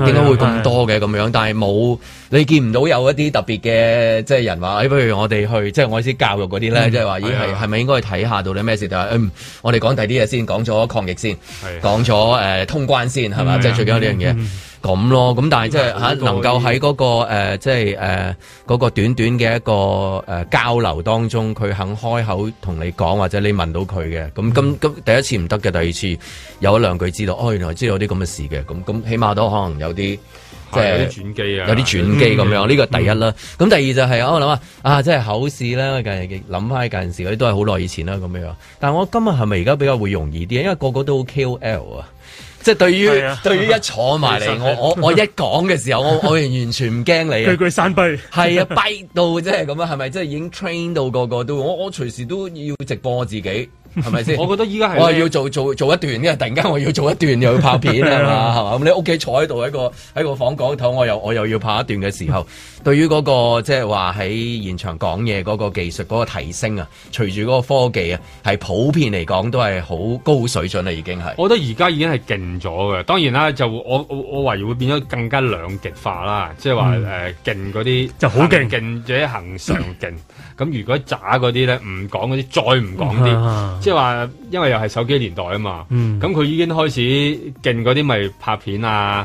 點解會咁多嘅咁樣？但係冇你見唔到有一啲特別嘅、哎，即係人話誒，不如我哋去即係我意思教育嗰啲咧，即係話咦，係係咪應該去睇下到底咩事？就話嗯，我哋講第啲嘢先，講咗抗疫先，講咗誒通關先係嘛，即係、就是、最緊要呢樣嘢。嗯嗯嗯。咁咯，咁但係即係吓，能夠喺嗰個誒，即係誒，嗰、呃那個短短嘅一個誒、呃、交流當中，佢肯開口同你講，或者你問到佢嘅，咁咁咁第一次唔得嘅，第二次有一兩句知道，哦，原來知道有啲咁嘅事嘅，咁咁起碼都可能有啲即係有啲轉機啊，有啲轉機咁樣，呢個第一啦。咁、嗯、第二就係、是、我諗啊，啊，即係口試啦，近諗翻近時嗰啲都係好耐以前啦、啊，咁樣。但係我今日係咪而家比較會容易啲？因為個個都好 KOL 啊。即係對於、啊、對於一坐埋嚟，我我我一講嘅時候， 我我完全唔驚你。句句 山逼，係 啊，逼到是是即係咁樣，係咪即係已經 train 到個個都？我我隨時都要直播我自己。係咪先？我覺得依家係我要做做做一段，因為突然間我要做一段又要拍片啊嘛。咁 你屋企坐喺度喺個喺個房講頭，我又我又要拍一段嘅時候， 對於嗰、嗰個即係話喺現場講嘢嗰個技術嗰、嗰個提升啊，隨住嗰個科技啊，係普遍嚟講都係好高水準啦。已經係，我覺得而家已經係勁咗嘅。當然啦，就我我我懷疑會變咗更加兩極化啦。即係話誒，勁嗰啲就好勁，勁者恆常勁。 咁如果渣嗰啲咧唔講嗰啲，再唔講啲，即係話，因為又係手機年代啊嘛。咁、嗯、佢已經開始勁嗰啲，咪拍片啊，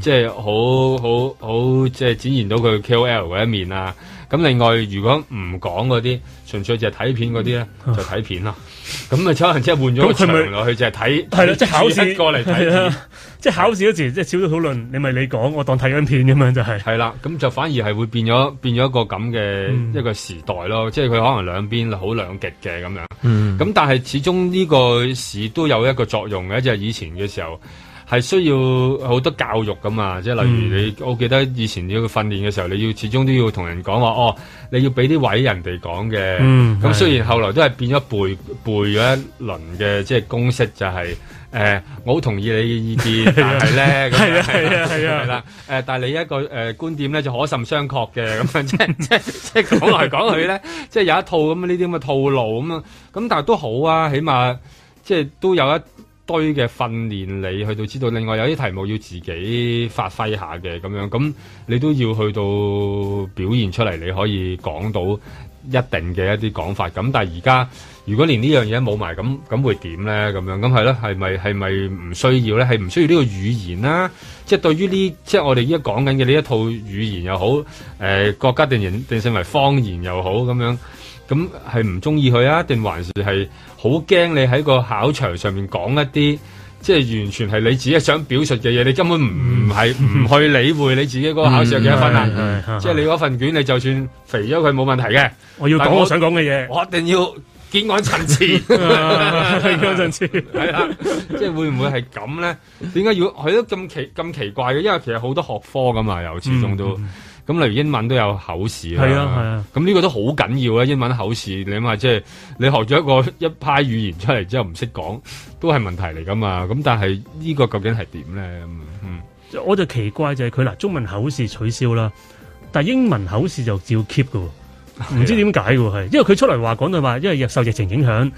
即係好好好，即係展現到佢 KOL 嗰一面啊。咁另外，如果唔講嗰啲，純粹就係睇片嗰啲咧，就睇片啦。呵呵。咁啊，可能即係換咗，個佢咪落去就係睇，係啦，即係考試過嚟睇啦。即係考試嗰時，即係少咗討論，你咪你講，我當睇緊片咁樣就係，係啦，咁就反而係會變咗變咗一個咁嘅一個時代咯、嗯，即係佢可能兩邊好兩極嘅咁樣，咁、嗯、但係始終呢個市都有一個作用嘅，就係、是、以前嘅時候。係需要好多教育噶嘛，即係例如你、嗯，我記得以前你要訓練嘅時候，你要始終都要同人講話哦，你要俾啲位人哋講嘅。咁、嗯、雖然後來都係變咗背背咗一輪嘅，即、就、係、是、公式就係、是、誒、呃，我好同意你嘅意見， 但係咧係啊係啊係啦，誒、啊啊啊，但係你一個誒、呃、觀點咧就可甚相確嘅，咁樣即係即係即係講嚟講去咧，即、就、係、是就是 就是、有一套咁嘅呢啲咁嘅套路咁啊，咁但係都好啊，起碼即係都有一堆嘅訓練你去到知道，另外有啲題目要自己發揮下嘅咁樣，咁你都要去到表現出嚟，你可以講到一定嘅一啲講法。咁但係而家如果連呢樣嘢都冇埋，咁咁會點呢？咁樣咁係啦，係咪係咪唔需要呢？係唔需要呢個語言啦，啊？即係對於呢，即係我哋依家講緊嘅呢一套語言又好，誒、呃，國家定型定性為方言又好咁樣。咁係唔中意佢啊？定還是係好驚你喺個考場上面講一啲，即係完全係你自己想表述嘅嘢，你根本唔係唔去理會你自己嗰個考試有幾多分啊！即、嗯、係你嗰份卷，你就算肥咗佢冇問題嘅。我要講我想講嘅嘢，我一定要見我層次，檢我次係啦。即係會唔會係咁咧？點解要？佢都咁奇咁奇怪嘅？因為其實好多學科噶嘛，由始終都。嗯嗯咁例如英文都有口試啊，係啊，咁呢個都好緊要啊！英文口試，你諗下，即係你學咗一個一派語言出嚟之後唔識講，都係問題嚟噶嘛？咁但係呢個究竟係點咧？嗯，我就奇怪就係佢嗱，中文口試取消啦，但係英文口試就照 keep 嘅，唔知點解嘅喎係，因為佢出嚟話講到話，因為受疫情影響。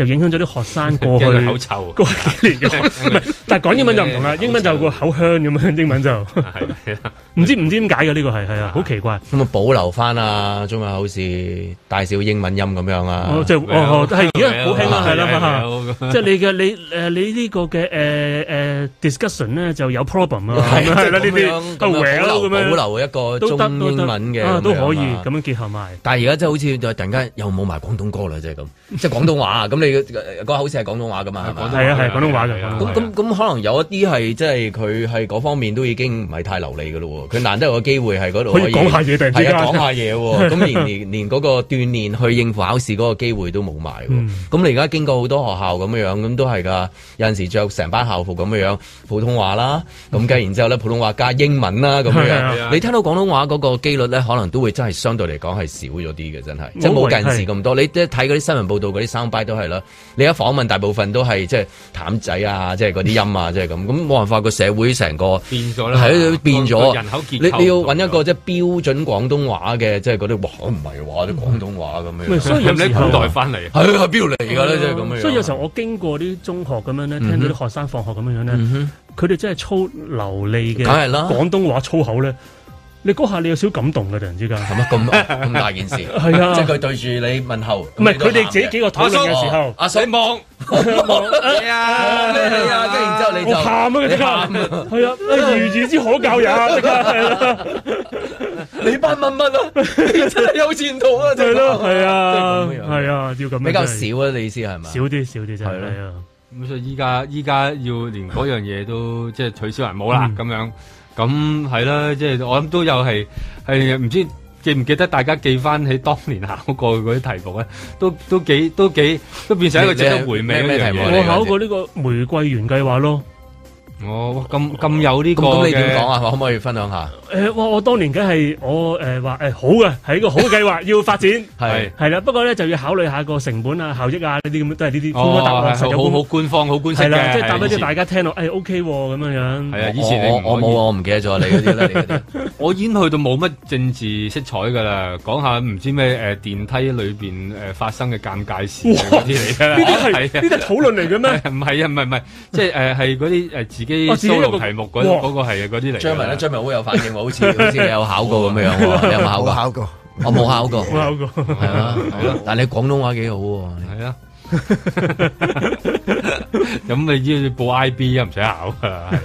就影響咗啲學生過去，嘅口臭、啊過。幾年嘅，唔但係講英文就唔同啦。英文就、嗯嗯嗯嗯嗯這個口香咁樣，英文就係唔知唔知點解嘅呢個係係啊，好、啊、奇怪。咁啊，保留翻啊中文好似大少英文音咁樣啊。即係哦，係而家好興啦，係、嗯、啦，即係你嘅你誒你呢個嘅誒誒 discussion 咧就有 problem 啊。係、嗯、啦，呢啲都保留保留一個中英文嘅，都可以咁樣結合埋。但係而家真係好似就突然間又冇埋廣東歌啦，即係咁，即係廣東話啊，咁、嗯、你。嗰個考試係廣東話噶嘛？啊，廣東話嚟咁，咁咁可能有一啲係，即係佢係嗰方面都已經唔係太流利㗎咯。佢、啊、難得有個機會係嗰度可，可講下嘢定、啊啊、講下嘢喎。咁、 哦、連嗰個鍛鍊去應付考試嗰個機會都冇埋。咁 你而家經過好多學校咁樣樣，咁都係㗎。有陣時着成班校服咁樣普通話啦，咁 計然之後咧，普通話加英文啦、啊、咁樣、啊啊。你聽到廣東話嗰個機率咧，可能都會真係相對嚟講係少咗啲嘅，真係即冇近時咁多。你睇嗰啲新聞報道嗰啲三都係啦。你一訪問，大部分都係即係淡仔啊，即係嗰啲音啊，即係咁。咁冇辦法，個社會成個變咗啦，係變咗。人口結構你你要揾一個即係標準廣東話嘅，即係嗰啲哇，唔係話啲廣東話咁樣。係唔係古代翻嚟？係啊，邊度嚟㗎咧，即係咁樣。所以有時候我經過啲中學咁樣咧，聽到啲學生放學咁樣咧，佢、嗯、哋真係粗流利嘅梗係啦，廣東話粗口咧。你嗰下你有少感動嘅突然之間，係咪咁咁大件事？係啊，即係佢對住你問候，唔係佢哋自己幾個討論嘅時候。阿水望，望，哦，係啊係啊，跟，啊啊，然之後你就喊啊！我喊，啊，係啊, 啊，孺子之可教， 啊 人啊，你班乜乜啊？真係有前途啊！係咯，係啊，係啊，啊就是，啊要咁。比較少啊，你意思係咪？少啲，少啲就係咯。咁所以依家依家要連嗰樣嘢都即係取消人，埋冇啦咁樣。咁係啦，即係我諗都有係，係唔知記唔記得，大家記翻起當年考過嗰啲題目咧，都都幾都幾都變成一個值得回味嘅題目。我考過呢個玫瑰園計劃咯。我咁咁有呢個咁，你點講啊？可唔可以分享下？誒、呃，哇！我當年梗係我誒話誒好嘅，係一個好計劃 要發展，係係啦。不過咧，就要考慮下個成本啊、效益啊呢啲咁都係呢啲。哦，好好官方，好官方嘅，即係答俾啲大家聽咯。誒，OK，咁樣樣。係啊，以前你我冇，我唔記得咗你嗰啲啦。我已經去到冇乜政治色彩噶啦，講 下唔知咩誒電梯裏邊誒發生嘅尷尬事嗰啲嚟噶啦呢啲係呢啲係討論嚟嘅咩？唔係啊，唔係唔係，即係誒係啲誒啲騷浪題目嗰、那個係啊，嗰啲嚟。張文咧，張文好有反應喎，好似好似你有考過咁樣喎，哦、你有冇考過？考過，我冇考過。哦、考，過考過 啊，啊。但你廣東話幾好喎？係啊。咁你知要報 IB 都唔使考。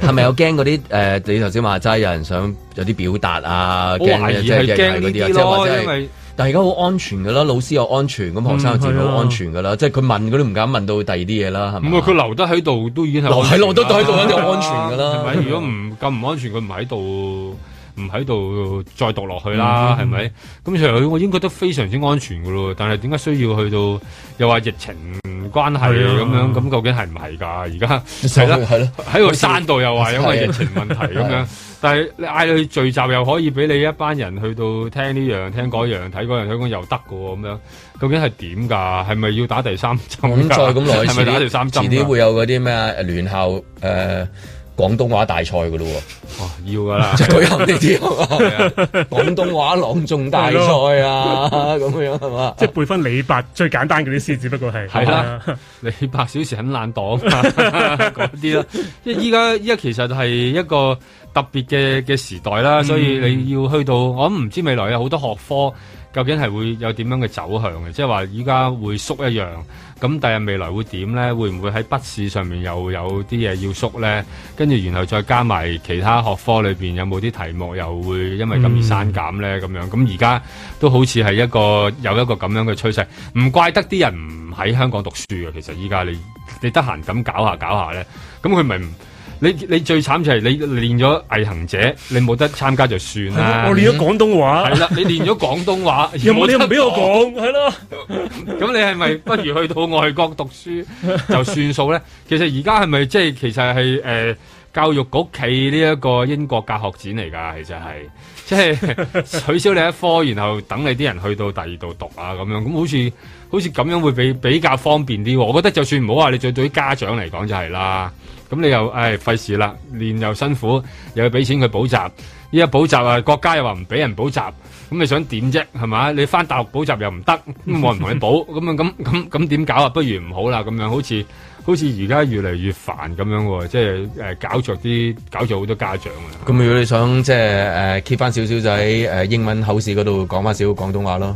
係咪、啊、 有驚嗰啲？誒、呃，你頭先話齋，有人想有啲表達啊，哦、我懷疑係驚嗰啲啊，即、就、係、是但而家好安全噶啦，老師又安全，咁學生又自己好安全噶啦、嗯，即係佢問佢都唔敢問到第二啲嘢啦。咁、嗯、佢留得喺度都已經係留係都喺度一定安全噶啦。係咪？ 如果唔咁唔安全，佢唔喺度。唔喺度再讀落去啦，係、嗯、咪？咁上去我應該都非常之安全噶咯。但係點解需要去到又話疫情關係咁、啊、樣？咁究竟係唔係㗎？而家係咯咯，喺、嗯啊啊、個山度又話因為疫情問題咁、啊啊、樣。但係你嗌你去聚集又可以俾你一班人去到聽呢樣聽嗰樣睇嗰樣，香港又得㗎喎咁樣。究竟係點㗎？係咪要打第三針？再咁落去？係咪打第三針？遲啲會有嗰啲咩聯校誒？呃廣東話大賽噶咯喎，要噶啦， 就舉行呢啲，廣、 啊、東話朗誦大賽啊，咁 樣係嘛，即係背翻李白最簡單嗰啲詩，只不過係，係啦、啊，李、啊啊、白小時很懶惰、啊，嗰啲啦，即係依家依家其實係一個特別嘅嘅時代啦，所以你要去到，我諗唔知未來有好多學科究竟係會有點樣嘅走向嘅，即係話依家會縮一樣。咁第日未來會點呢？會唔會喺筆試上面又有啲嘢要縮呢？跟住然後再加埋其他學科裏面有冇啲題目又會因為咁而刪減呢？咁樣、嗯、咁而家都好似係一個有一個咁樣嘅趨勢，唔怪得啲人唔喺香港讀書啊。其實依家你你得閒咁搞下搞下呢，咁佢咪？你你最慘就係你練咗毅行者，你冇得參加就算啦。我練咗廣東話，係、嗯、啦，你練咗廣東話，有 冇你唔俾我講係咯？咁 你係咪不，不如去到外國讀書就算數咧？ 其實而家係咪即係其實係誒教育局企呢一個英國教學展嚟噶？其實係即係取消你一科，然後等你啲人去到第二度讀啊咁樣。咁好似好似咁樣會比比較方便啲。我覺得就算唔好話你，對對啲家長嚟講就係啦。咁你又，唉、哎，費事啦，練又辛苦，又要俾錢佢補習，依家補習啊，國家又話唔俾人補習，咁你想點啫，係嘛？你翻大陸補習又唔得，咁我唔同你補，咁 樣咁咁咁點搞啊？不如唔好啦，咁樣好似好似而家越嚟越煩咁樣，即係誒、呃，搞錯啲，搞咗好多家長啊！咁如果你想即係誒，keep 翻少少仔，誒、呃，英文口試嗰度講翻少少廣東話咯。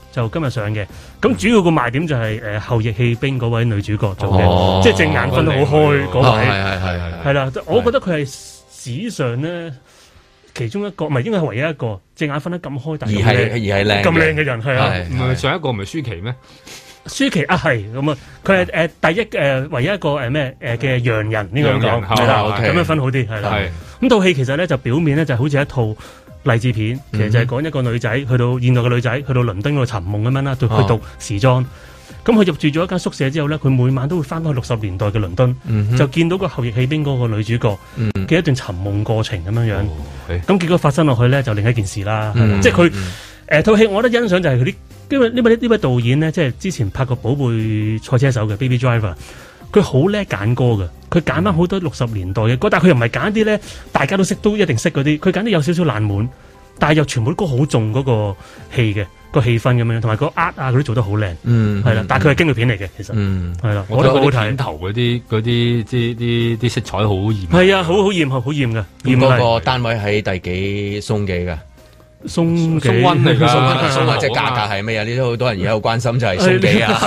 就今日上嘅，咁主要個賣點就係誒《後翼棄兵》嗰位女主角做嘅，即係隻眼分得好開嗰位，係係係係，係啦，我覺得佢係史上咧其中一個，唔係應該係唯一一個，隻眼分得咁開，但係而係而係靚，咁靚嘅人係啊，唔係上一個唔係舒淇咩？舒淇啊，係咁啊，佢係誒第一誒，唯一一個誒咩誒嘅洋人呢個講，係啦，咁樣分好啲係啦。咁套戲其實咧就表面咧就好似一套。勵志片其實就係講一個女仔去到現代嘅女仔去到倫敦度尋夢咁樣啦，讀去讀時裝，咁、哦、佢入住咗一間宿舍之後咧，佢每晚都會翻翻去六十年代嘅倫敦，嗯，就見到個後翼棄兵嗰個女主角嘅一段尋夢過程咁樣樣，咁、哦、結果發生落去咧就另一件事啦，嗯，即係佢誒套戲我覺得欣賞就係佢啲因為呢位呢位導演咧即係之前拍過寶貝賽車手嘅 Baby Driver。佢好叻揀歌㗎，佢揀返好多六十年代嘅歌，但係佢又唔係揀啲咧大家都識都一定識嗰啲，佢揀啲有少少爛滿，但係又全部啲歌好重嗰個氣嘅個氣氛咁樣，同埋個呃啊嗰啲做得好靚，嗯係啦，的嗯、但係佢係驚慄片嚟嘅，其實嗯係啦，的我都的好睇。片頭嗰啲啲啲啲啲色彩好艷，係啊，好好艷好艷嘅。咁嗰個單位喺第幾松記嘅？松松温嚟噶，松即係價格係咩啊？呢啲好多人而家好關心、嗯、就係、是、松記啊，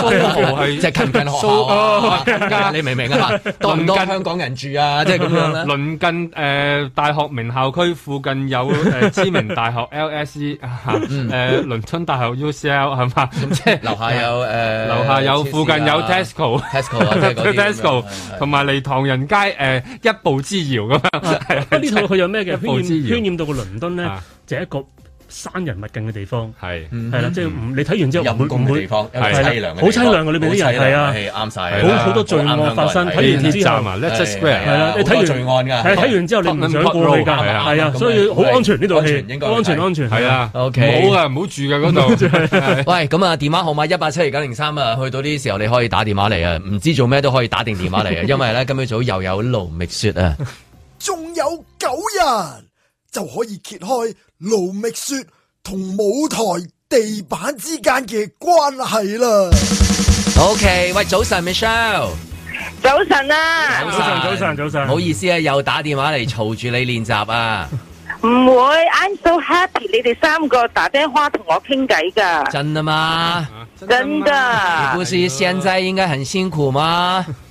即係近唔近學啊？啊，家、啊、下你明唔明啊？ 多唔多香港人住啊？即係咁樣咧。鄰近誒、呃、大學名校區附近有、 呃、知名大學 LSE，吓、啊？誒、嗯呃、倫敦大學 UCL 係嘛、嗯嗯？即係樓下有誒、呃嗯，樓下有附近有 Tesco，Tesco、啊啊、Tesco 同埋離唐人街誒一步之遙咁啊！呢套佢有咩嘅？一步之遙？渲染到個倫敦呢，就一個。山人物近嘅地方，係係啦，即係唔你睇完之後唔會唔會嘅地方，好淒涼嘅，好淒涼嘅呢邊係啊，好啱晒好好多罪案發生，睇完之後啊，Let's square，係啊，你睇完之後，係睇完之後你唔想過去噶，係啊，所以好安全呢度，安全應該安全安全，係啊，OK，唔好噶，唔好住噶嗰度。喂，咁啊，電話號碼一八七二九零三啊，去到呢時候你可以打電話嚟啊，唔知做咩都可以打定電話嚟啊，因為咧今朝早又有勞密雪啊，仲有九人。就可以揭開盧覓雪同舞台地板之間嘅關係啦。OK，喂，早晨 Michelle，早晨啊，早晨早晨早晨，唔好意思啊，又打電話嚟嘈住你練習啊。唔 會，I'm so happy，你哋三個打電話同我傾偈噶。真㗎嘛？真㗎。你不是現在應該很辛苦嗎？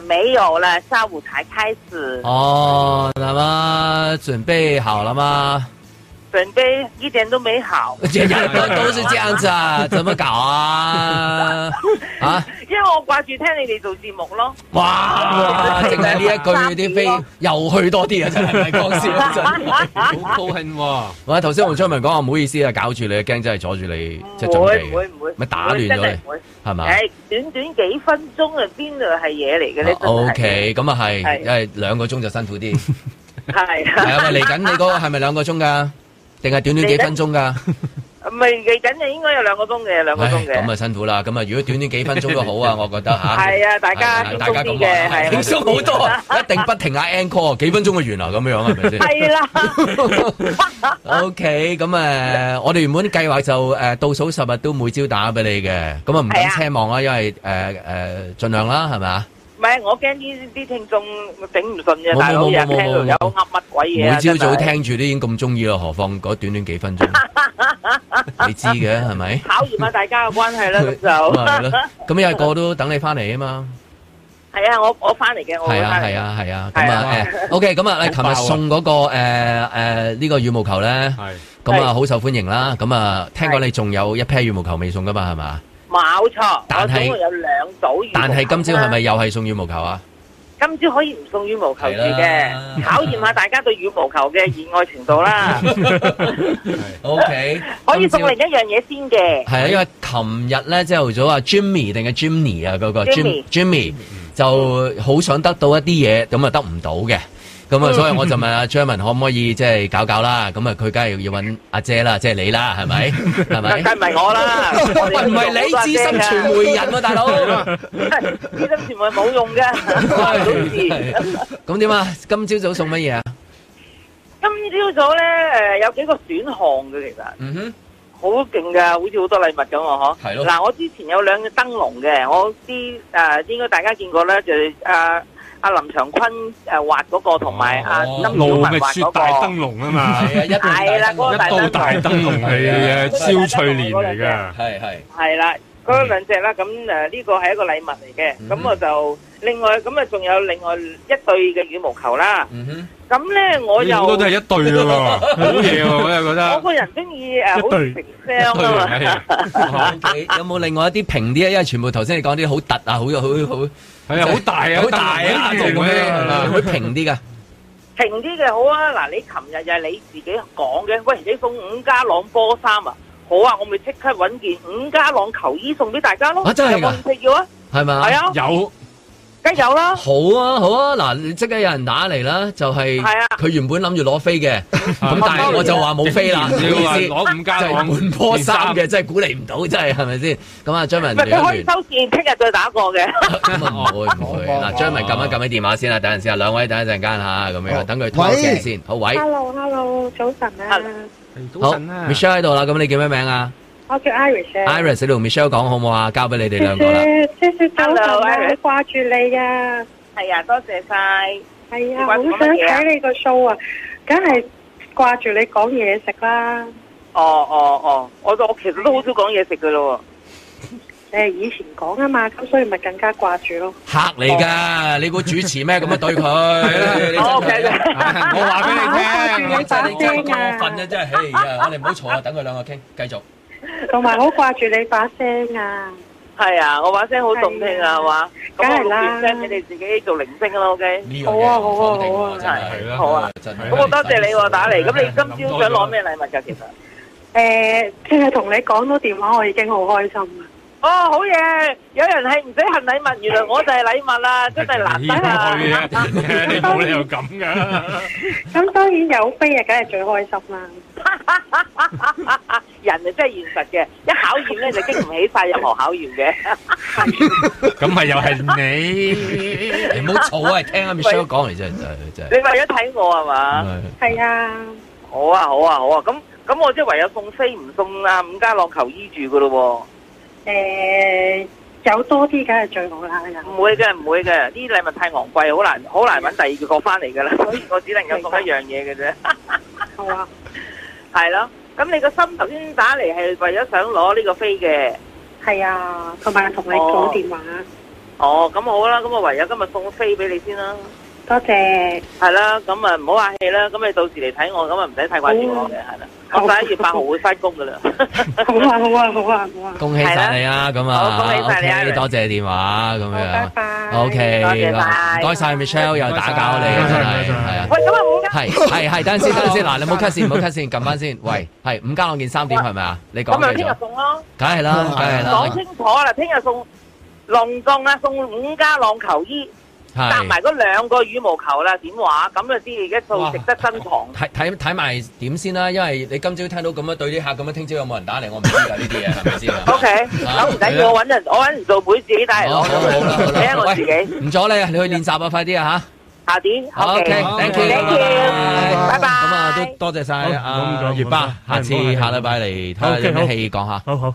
沒有了，下午才開始。哦，那麼準備好了嗎？準備一點都未好，日日都都是這樣子啊，怎麼搞啊？ 啊，因為我掛住聽你哋做節目咯。哇，淨係呢一句啲、啊、飛又去多啲啊！真係咪講笑真係，好高興、啊。喎、啊！頭先黃昌明講話，唔好意思啊，搞住你驚真係阻住你即係準備。唔會唔會唔會？咪打亂啊？係嘛？短短幾分鐘啊，邊度係嘢嚟嘅咧？O K，咁啊係，因係兩個鐘就辛苦啲。係 係啊，喂，嚟緊你嗰個係咪兩個鐘噶？定係短短幾分鐘噶？唔係，嚟緊你應該有兩個鐘嘅，兩個鐘嘅。咁啊辛苦啦。咁啊，如果短短幾分鐘都好啊，我覺得吓。係 啊，大家點，大家咁嘅輕鬆好多，一定不停嗌 encore，幾分鐘嘅完啦，咁樣係咪先？係啦。 OK，咁啊，我哋原本計劃就誒倒數十日都每朝打俾你嘅，咁啊唔敢奢望啦，因為誒誒盡量啦，係咪啊？唔係，我驚啲啲聽眾整唔順嘅，但係有人聽到有噏乜鬼嘢。每朝早聽住都已經咁中意啦，何況嗰短短幾分鐘，你知嘅係咪？考驗下大家嘅關係啦，就咁個個都等你翻嚟啊嘛。係啊，我我翻嚟嘅。係啊，係啊，係啊。咁啊誒，OK，咁啊，你琴日送嗰個誒誒呢個羽毛球咧，係咁啊，好受歡迎啦。咁啊，聽講你仲有一批羽毛球未送噶嘛，係嘛？冇錯，但我睇有兩組羽毛球、啊、但係今朝係咪又係送羽毛球啊？今朝可以唔送羽毛球住嘅，考驗下大家對羽毛球嘅熱愛程度啦。 OK，可以送另一樣嘢先嘅。係啊，因為琴日咧朝頭早啊，Jimmy 定係、那個、Jimmy 啊嗰個 Jimmy, Jimmy，Jimmy、嗯、就好想得到一啲嘢，咁啊得唔到嘅。咁啊，所以我就問阿張文可唔可以即係搞搞啦？咁啊，佢梗係要要揾阿姐啦，即係你啦，係咪？係咪？梗係唔係我啦，唔係你資深傳媒人喎，大佬，資深傳媒冇用嘅，好事。咁點啊？今朝早送乜嘢啊？今朝早咧，誒，有幾個選項嘅，其實，嗯哼，好勁噶，好似好多禮物咁啊，嗬。係咯。嗱，我之前有兩盞燈籠嘅，我啲誒，應該大家見過咧，就誒。阿林祥坤誒畫嗰個同埋阿金小民畫嗰個，老咩雪大燈籠啊嘛，係啦，嗰個大燈籠係誒朝翠蓮嚟㗎，係係。係啦，嗰兩隻啦，咁誒呢個係一個禮物嚟嘅，咁我就另外咁啊，仲有另外一對嘅羽毛球啦。咁咧我又，最多都係一對嘅喎，好嘢喎，我又覺得。我個人中意誒好平啲啊，有冇另外一啲平啲啊？因為全部頭先你講啲好突啊，好又好好。係啊，好大啊，好大啊，下度咧，會平啲噶，平啲嘅好啊。嗱，你琴日又係你自己講嘅，喂，你送五加朗波衫啊，好啊，我咪即刻揾件五加朗球衣送俾大家咯。啊，真係噶，有冇興趣要啊？係咪啊？係啊，有。梗有啦，好啊好啊，嗱，即刻有人打嚟啦，就係佢原本諗住攞飛嘅，咁但係我就話冇飛啦，意思攞五加就滿波三嘅，真係鼓勵唔到真係，係咪先？咁啊，張文。咪佢可以收線，聽日再打過嘅。唔會唔會，嗱，張文撳一撳啲電話先啦，等陣先啊，兩位等一陣間吓，咁樣，等佢脫鏡先，好喂。Hello，Hello，早晨啊。係早晨啊。Michelle 喺度啦，咁你叫咩名啊？我叫 Iris, Iris，你同 Michelle 講好唔好啊？交俾你哋兩個啦。謝謝早晨 Iris 掛住你啊！係啊，多謝晒。係啊，好想睇，啊、你個 show 啊！梗係掛住你講嘢食啦，啊。哦哦哦，我我其實都好少講嘢食噶咯。誒，以前講啊嘛，咁所以咪更加掛住咯。客嚟噶，你估主持咩？咁 樣對佢， oh, okay. 我話俾訴你聽， 我你 你真係你太過分啦！真係，誒， 我哋唔好坐啦，等佢兩個傾，繼續。同埋好掛住你把聲啊！係啊，我把聲好動聽啊，係梗係啦，咁我變聲，你哋自己做鈴聲啦，OK？好啊，好啊，好啊，真係好啊，真，好啊！咁、啊啊、我多謝你打嚟，咁你今朝想攞咩禮物噶、啊？其實，誒、 呃，即係同你講到電話，我已經好開心哦，好嘢！有人係唔使送禮物，原來我就係禮物啦，真係難得啊！你冇理由咁噶，咁當然有飛啊，梗係最開心啦！人啊真係現實嘅，一考驗咧就經唔起晒任何考驗嘅。咁咪又係你？你唔好嘈啊！聽阿 Michelle 講嚟啫，真係。你為咗睇我係嘛？係啊！好啊，好啊，好啊！咁咁，我即係唯有送飛唔送啊！五家樂求醫住噶咯。誒、欸，有多啲梗係最好啦，唔會嘅，唔會嘅，呢啲禮物太昂貴，好難好難搵第二個返翻嚟噶啦，所以我只能有咁一樣嘢嘅啫。好啊，係 咯，咁你心個心頭先打嚟係為咗想攞呢個飛嘅，係啊，同埋同你講電話。哦，咁、哦、好啦，咁我唯有今日送飛俾你先啦。多謝，係啦，咁啊唔好客氣啦，咁你到時嚟，睇我，咁啊唔使太掛住我嘅，係啦，我十一月八號會翻工噶啦好啊好啊好啊，恭喜晒你啊，咁啊，好恭喜晒你，多謝電話，咁樣，好，拜拜。多謝晒，多謝晒 Michelle 又打攪你，係啊，喂，咁啊五加，係係係，等先等先，嗱你唔好 cut 線，唔好 cut 線，撳翻先，喂，係五加兩件衫點，係咪啊？你講，咁樣聽日送咯，梗係啦，梗係啦，講清楚啦，聽日送隆重啊，送五加兩球衣。搭埋嗰兩個羽毛球啦點話？咁就一套值得珍藏。睇睇睇埋點先啦，因為你今朝聽到咁樣對啲客，咁樣聽朝有冇人打嚟，我唔知㗎呢啲嘢，係咪先？OK，咁唔緊要，我揾人，我揾唔到妹，妹，自己打嚟。好好啦，俾下我自己。唔阻你啊，你去練習啊，快啲啊吓 okay, okay, thank thank、well, uh,，下次 OK，Thank you，Thank you，拜拜。咁啊，都多謝晒啊月巴，下次下禮拜嚟睇有咩戲講下。好好。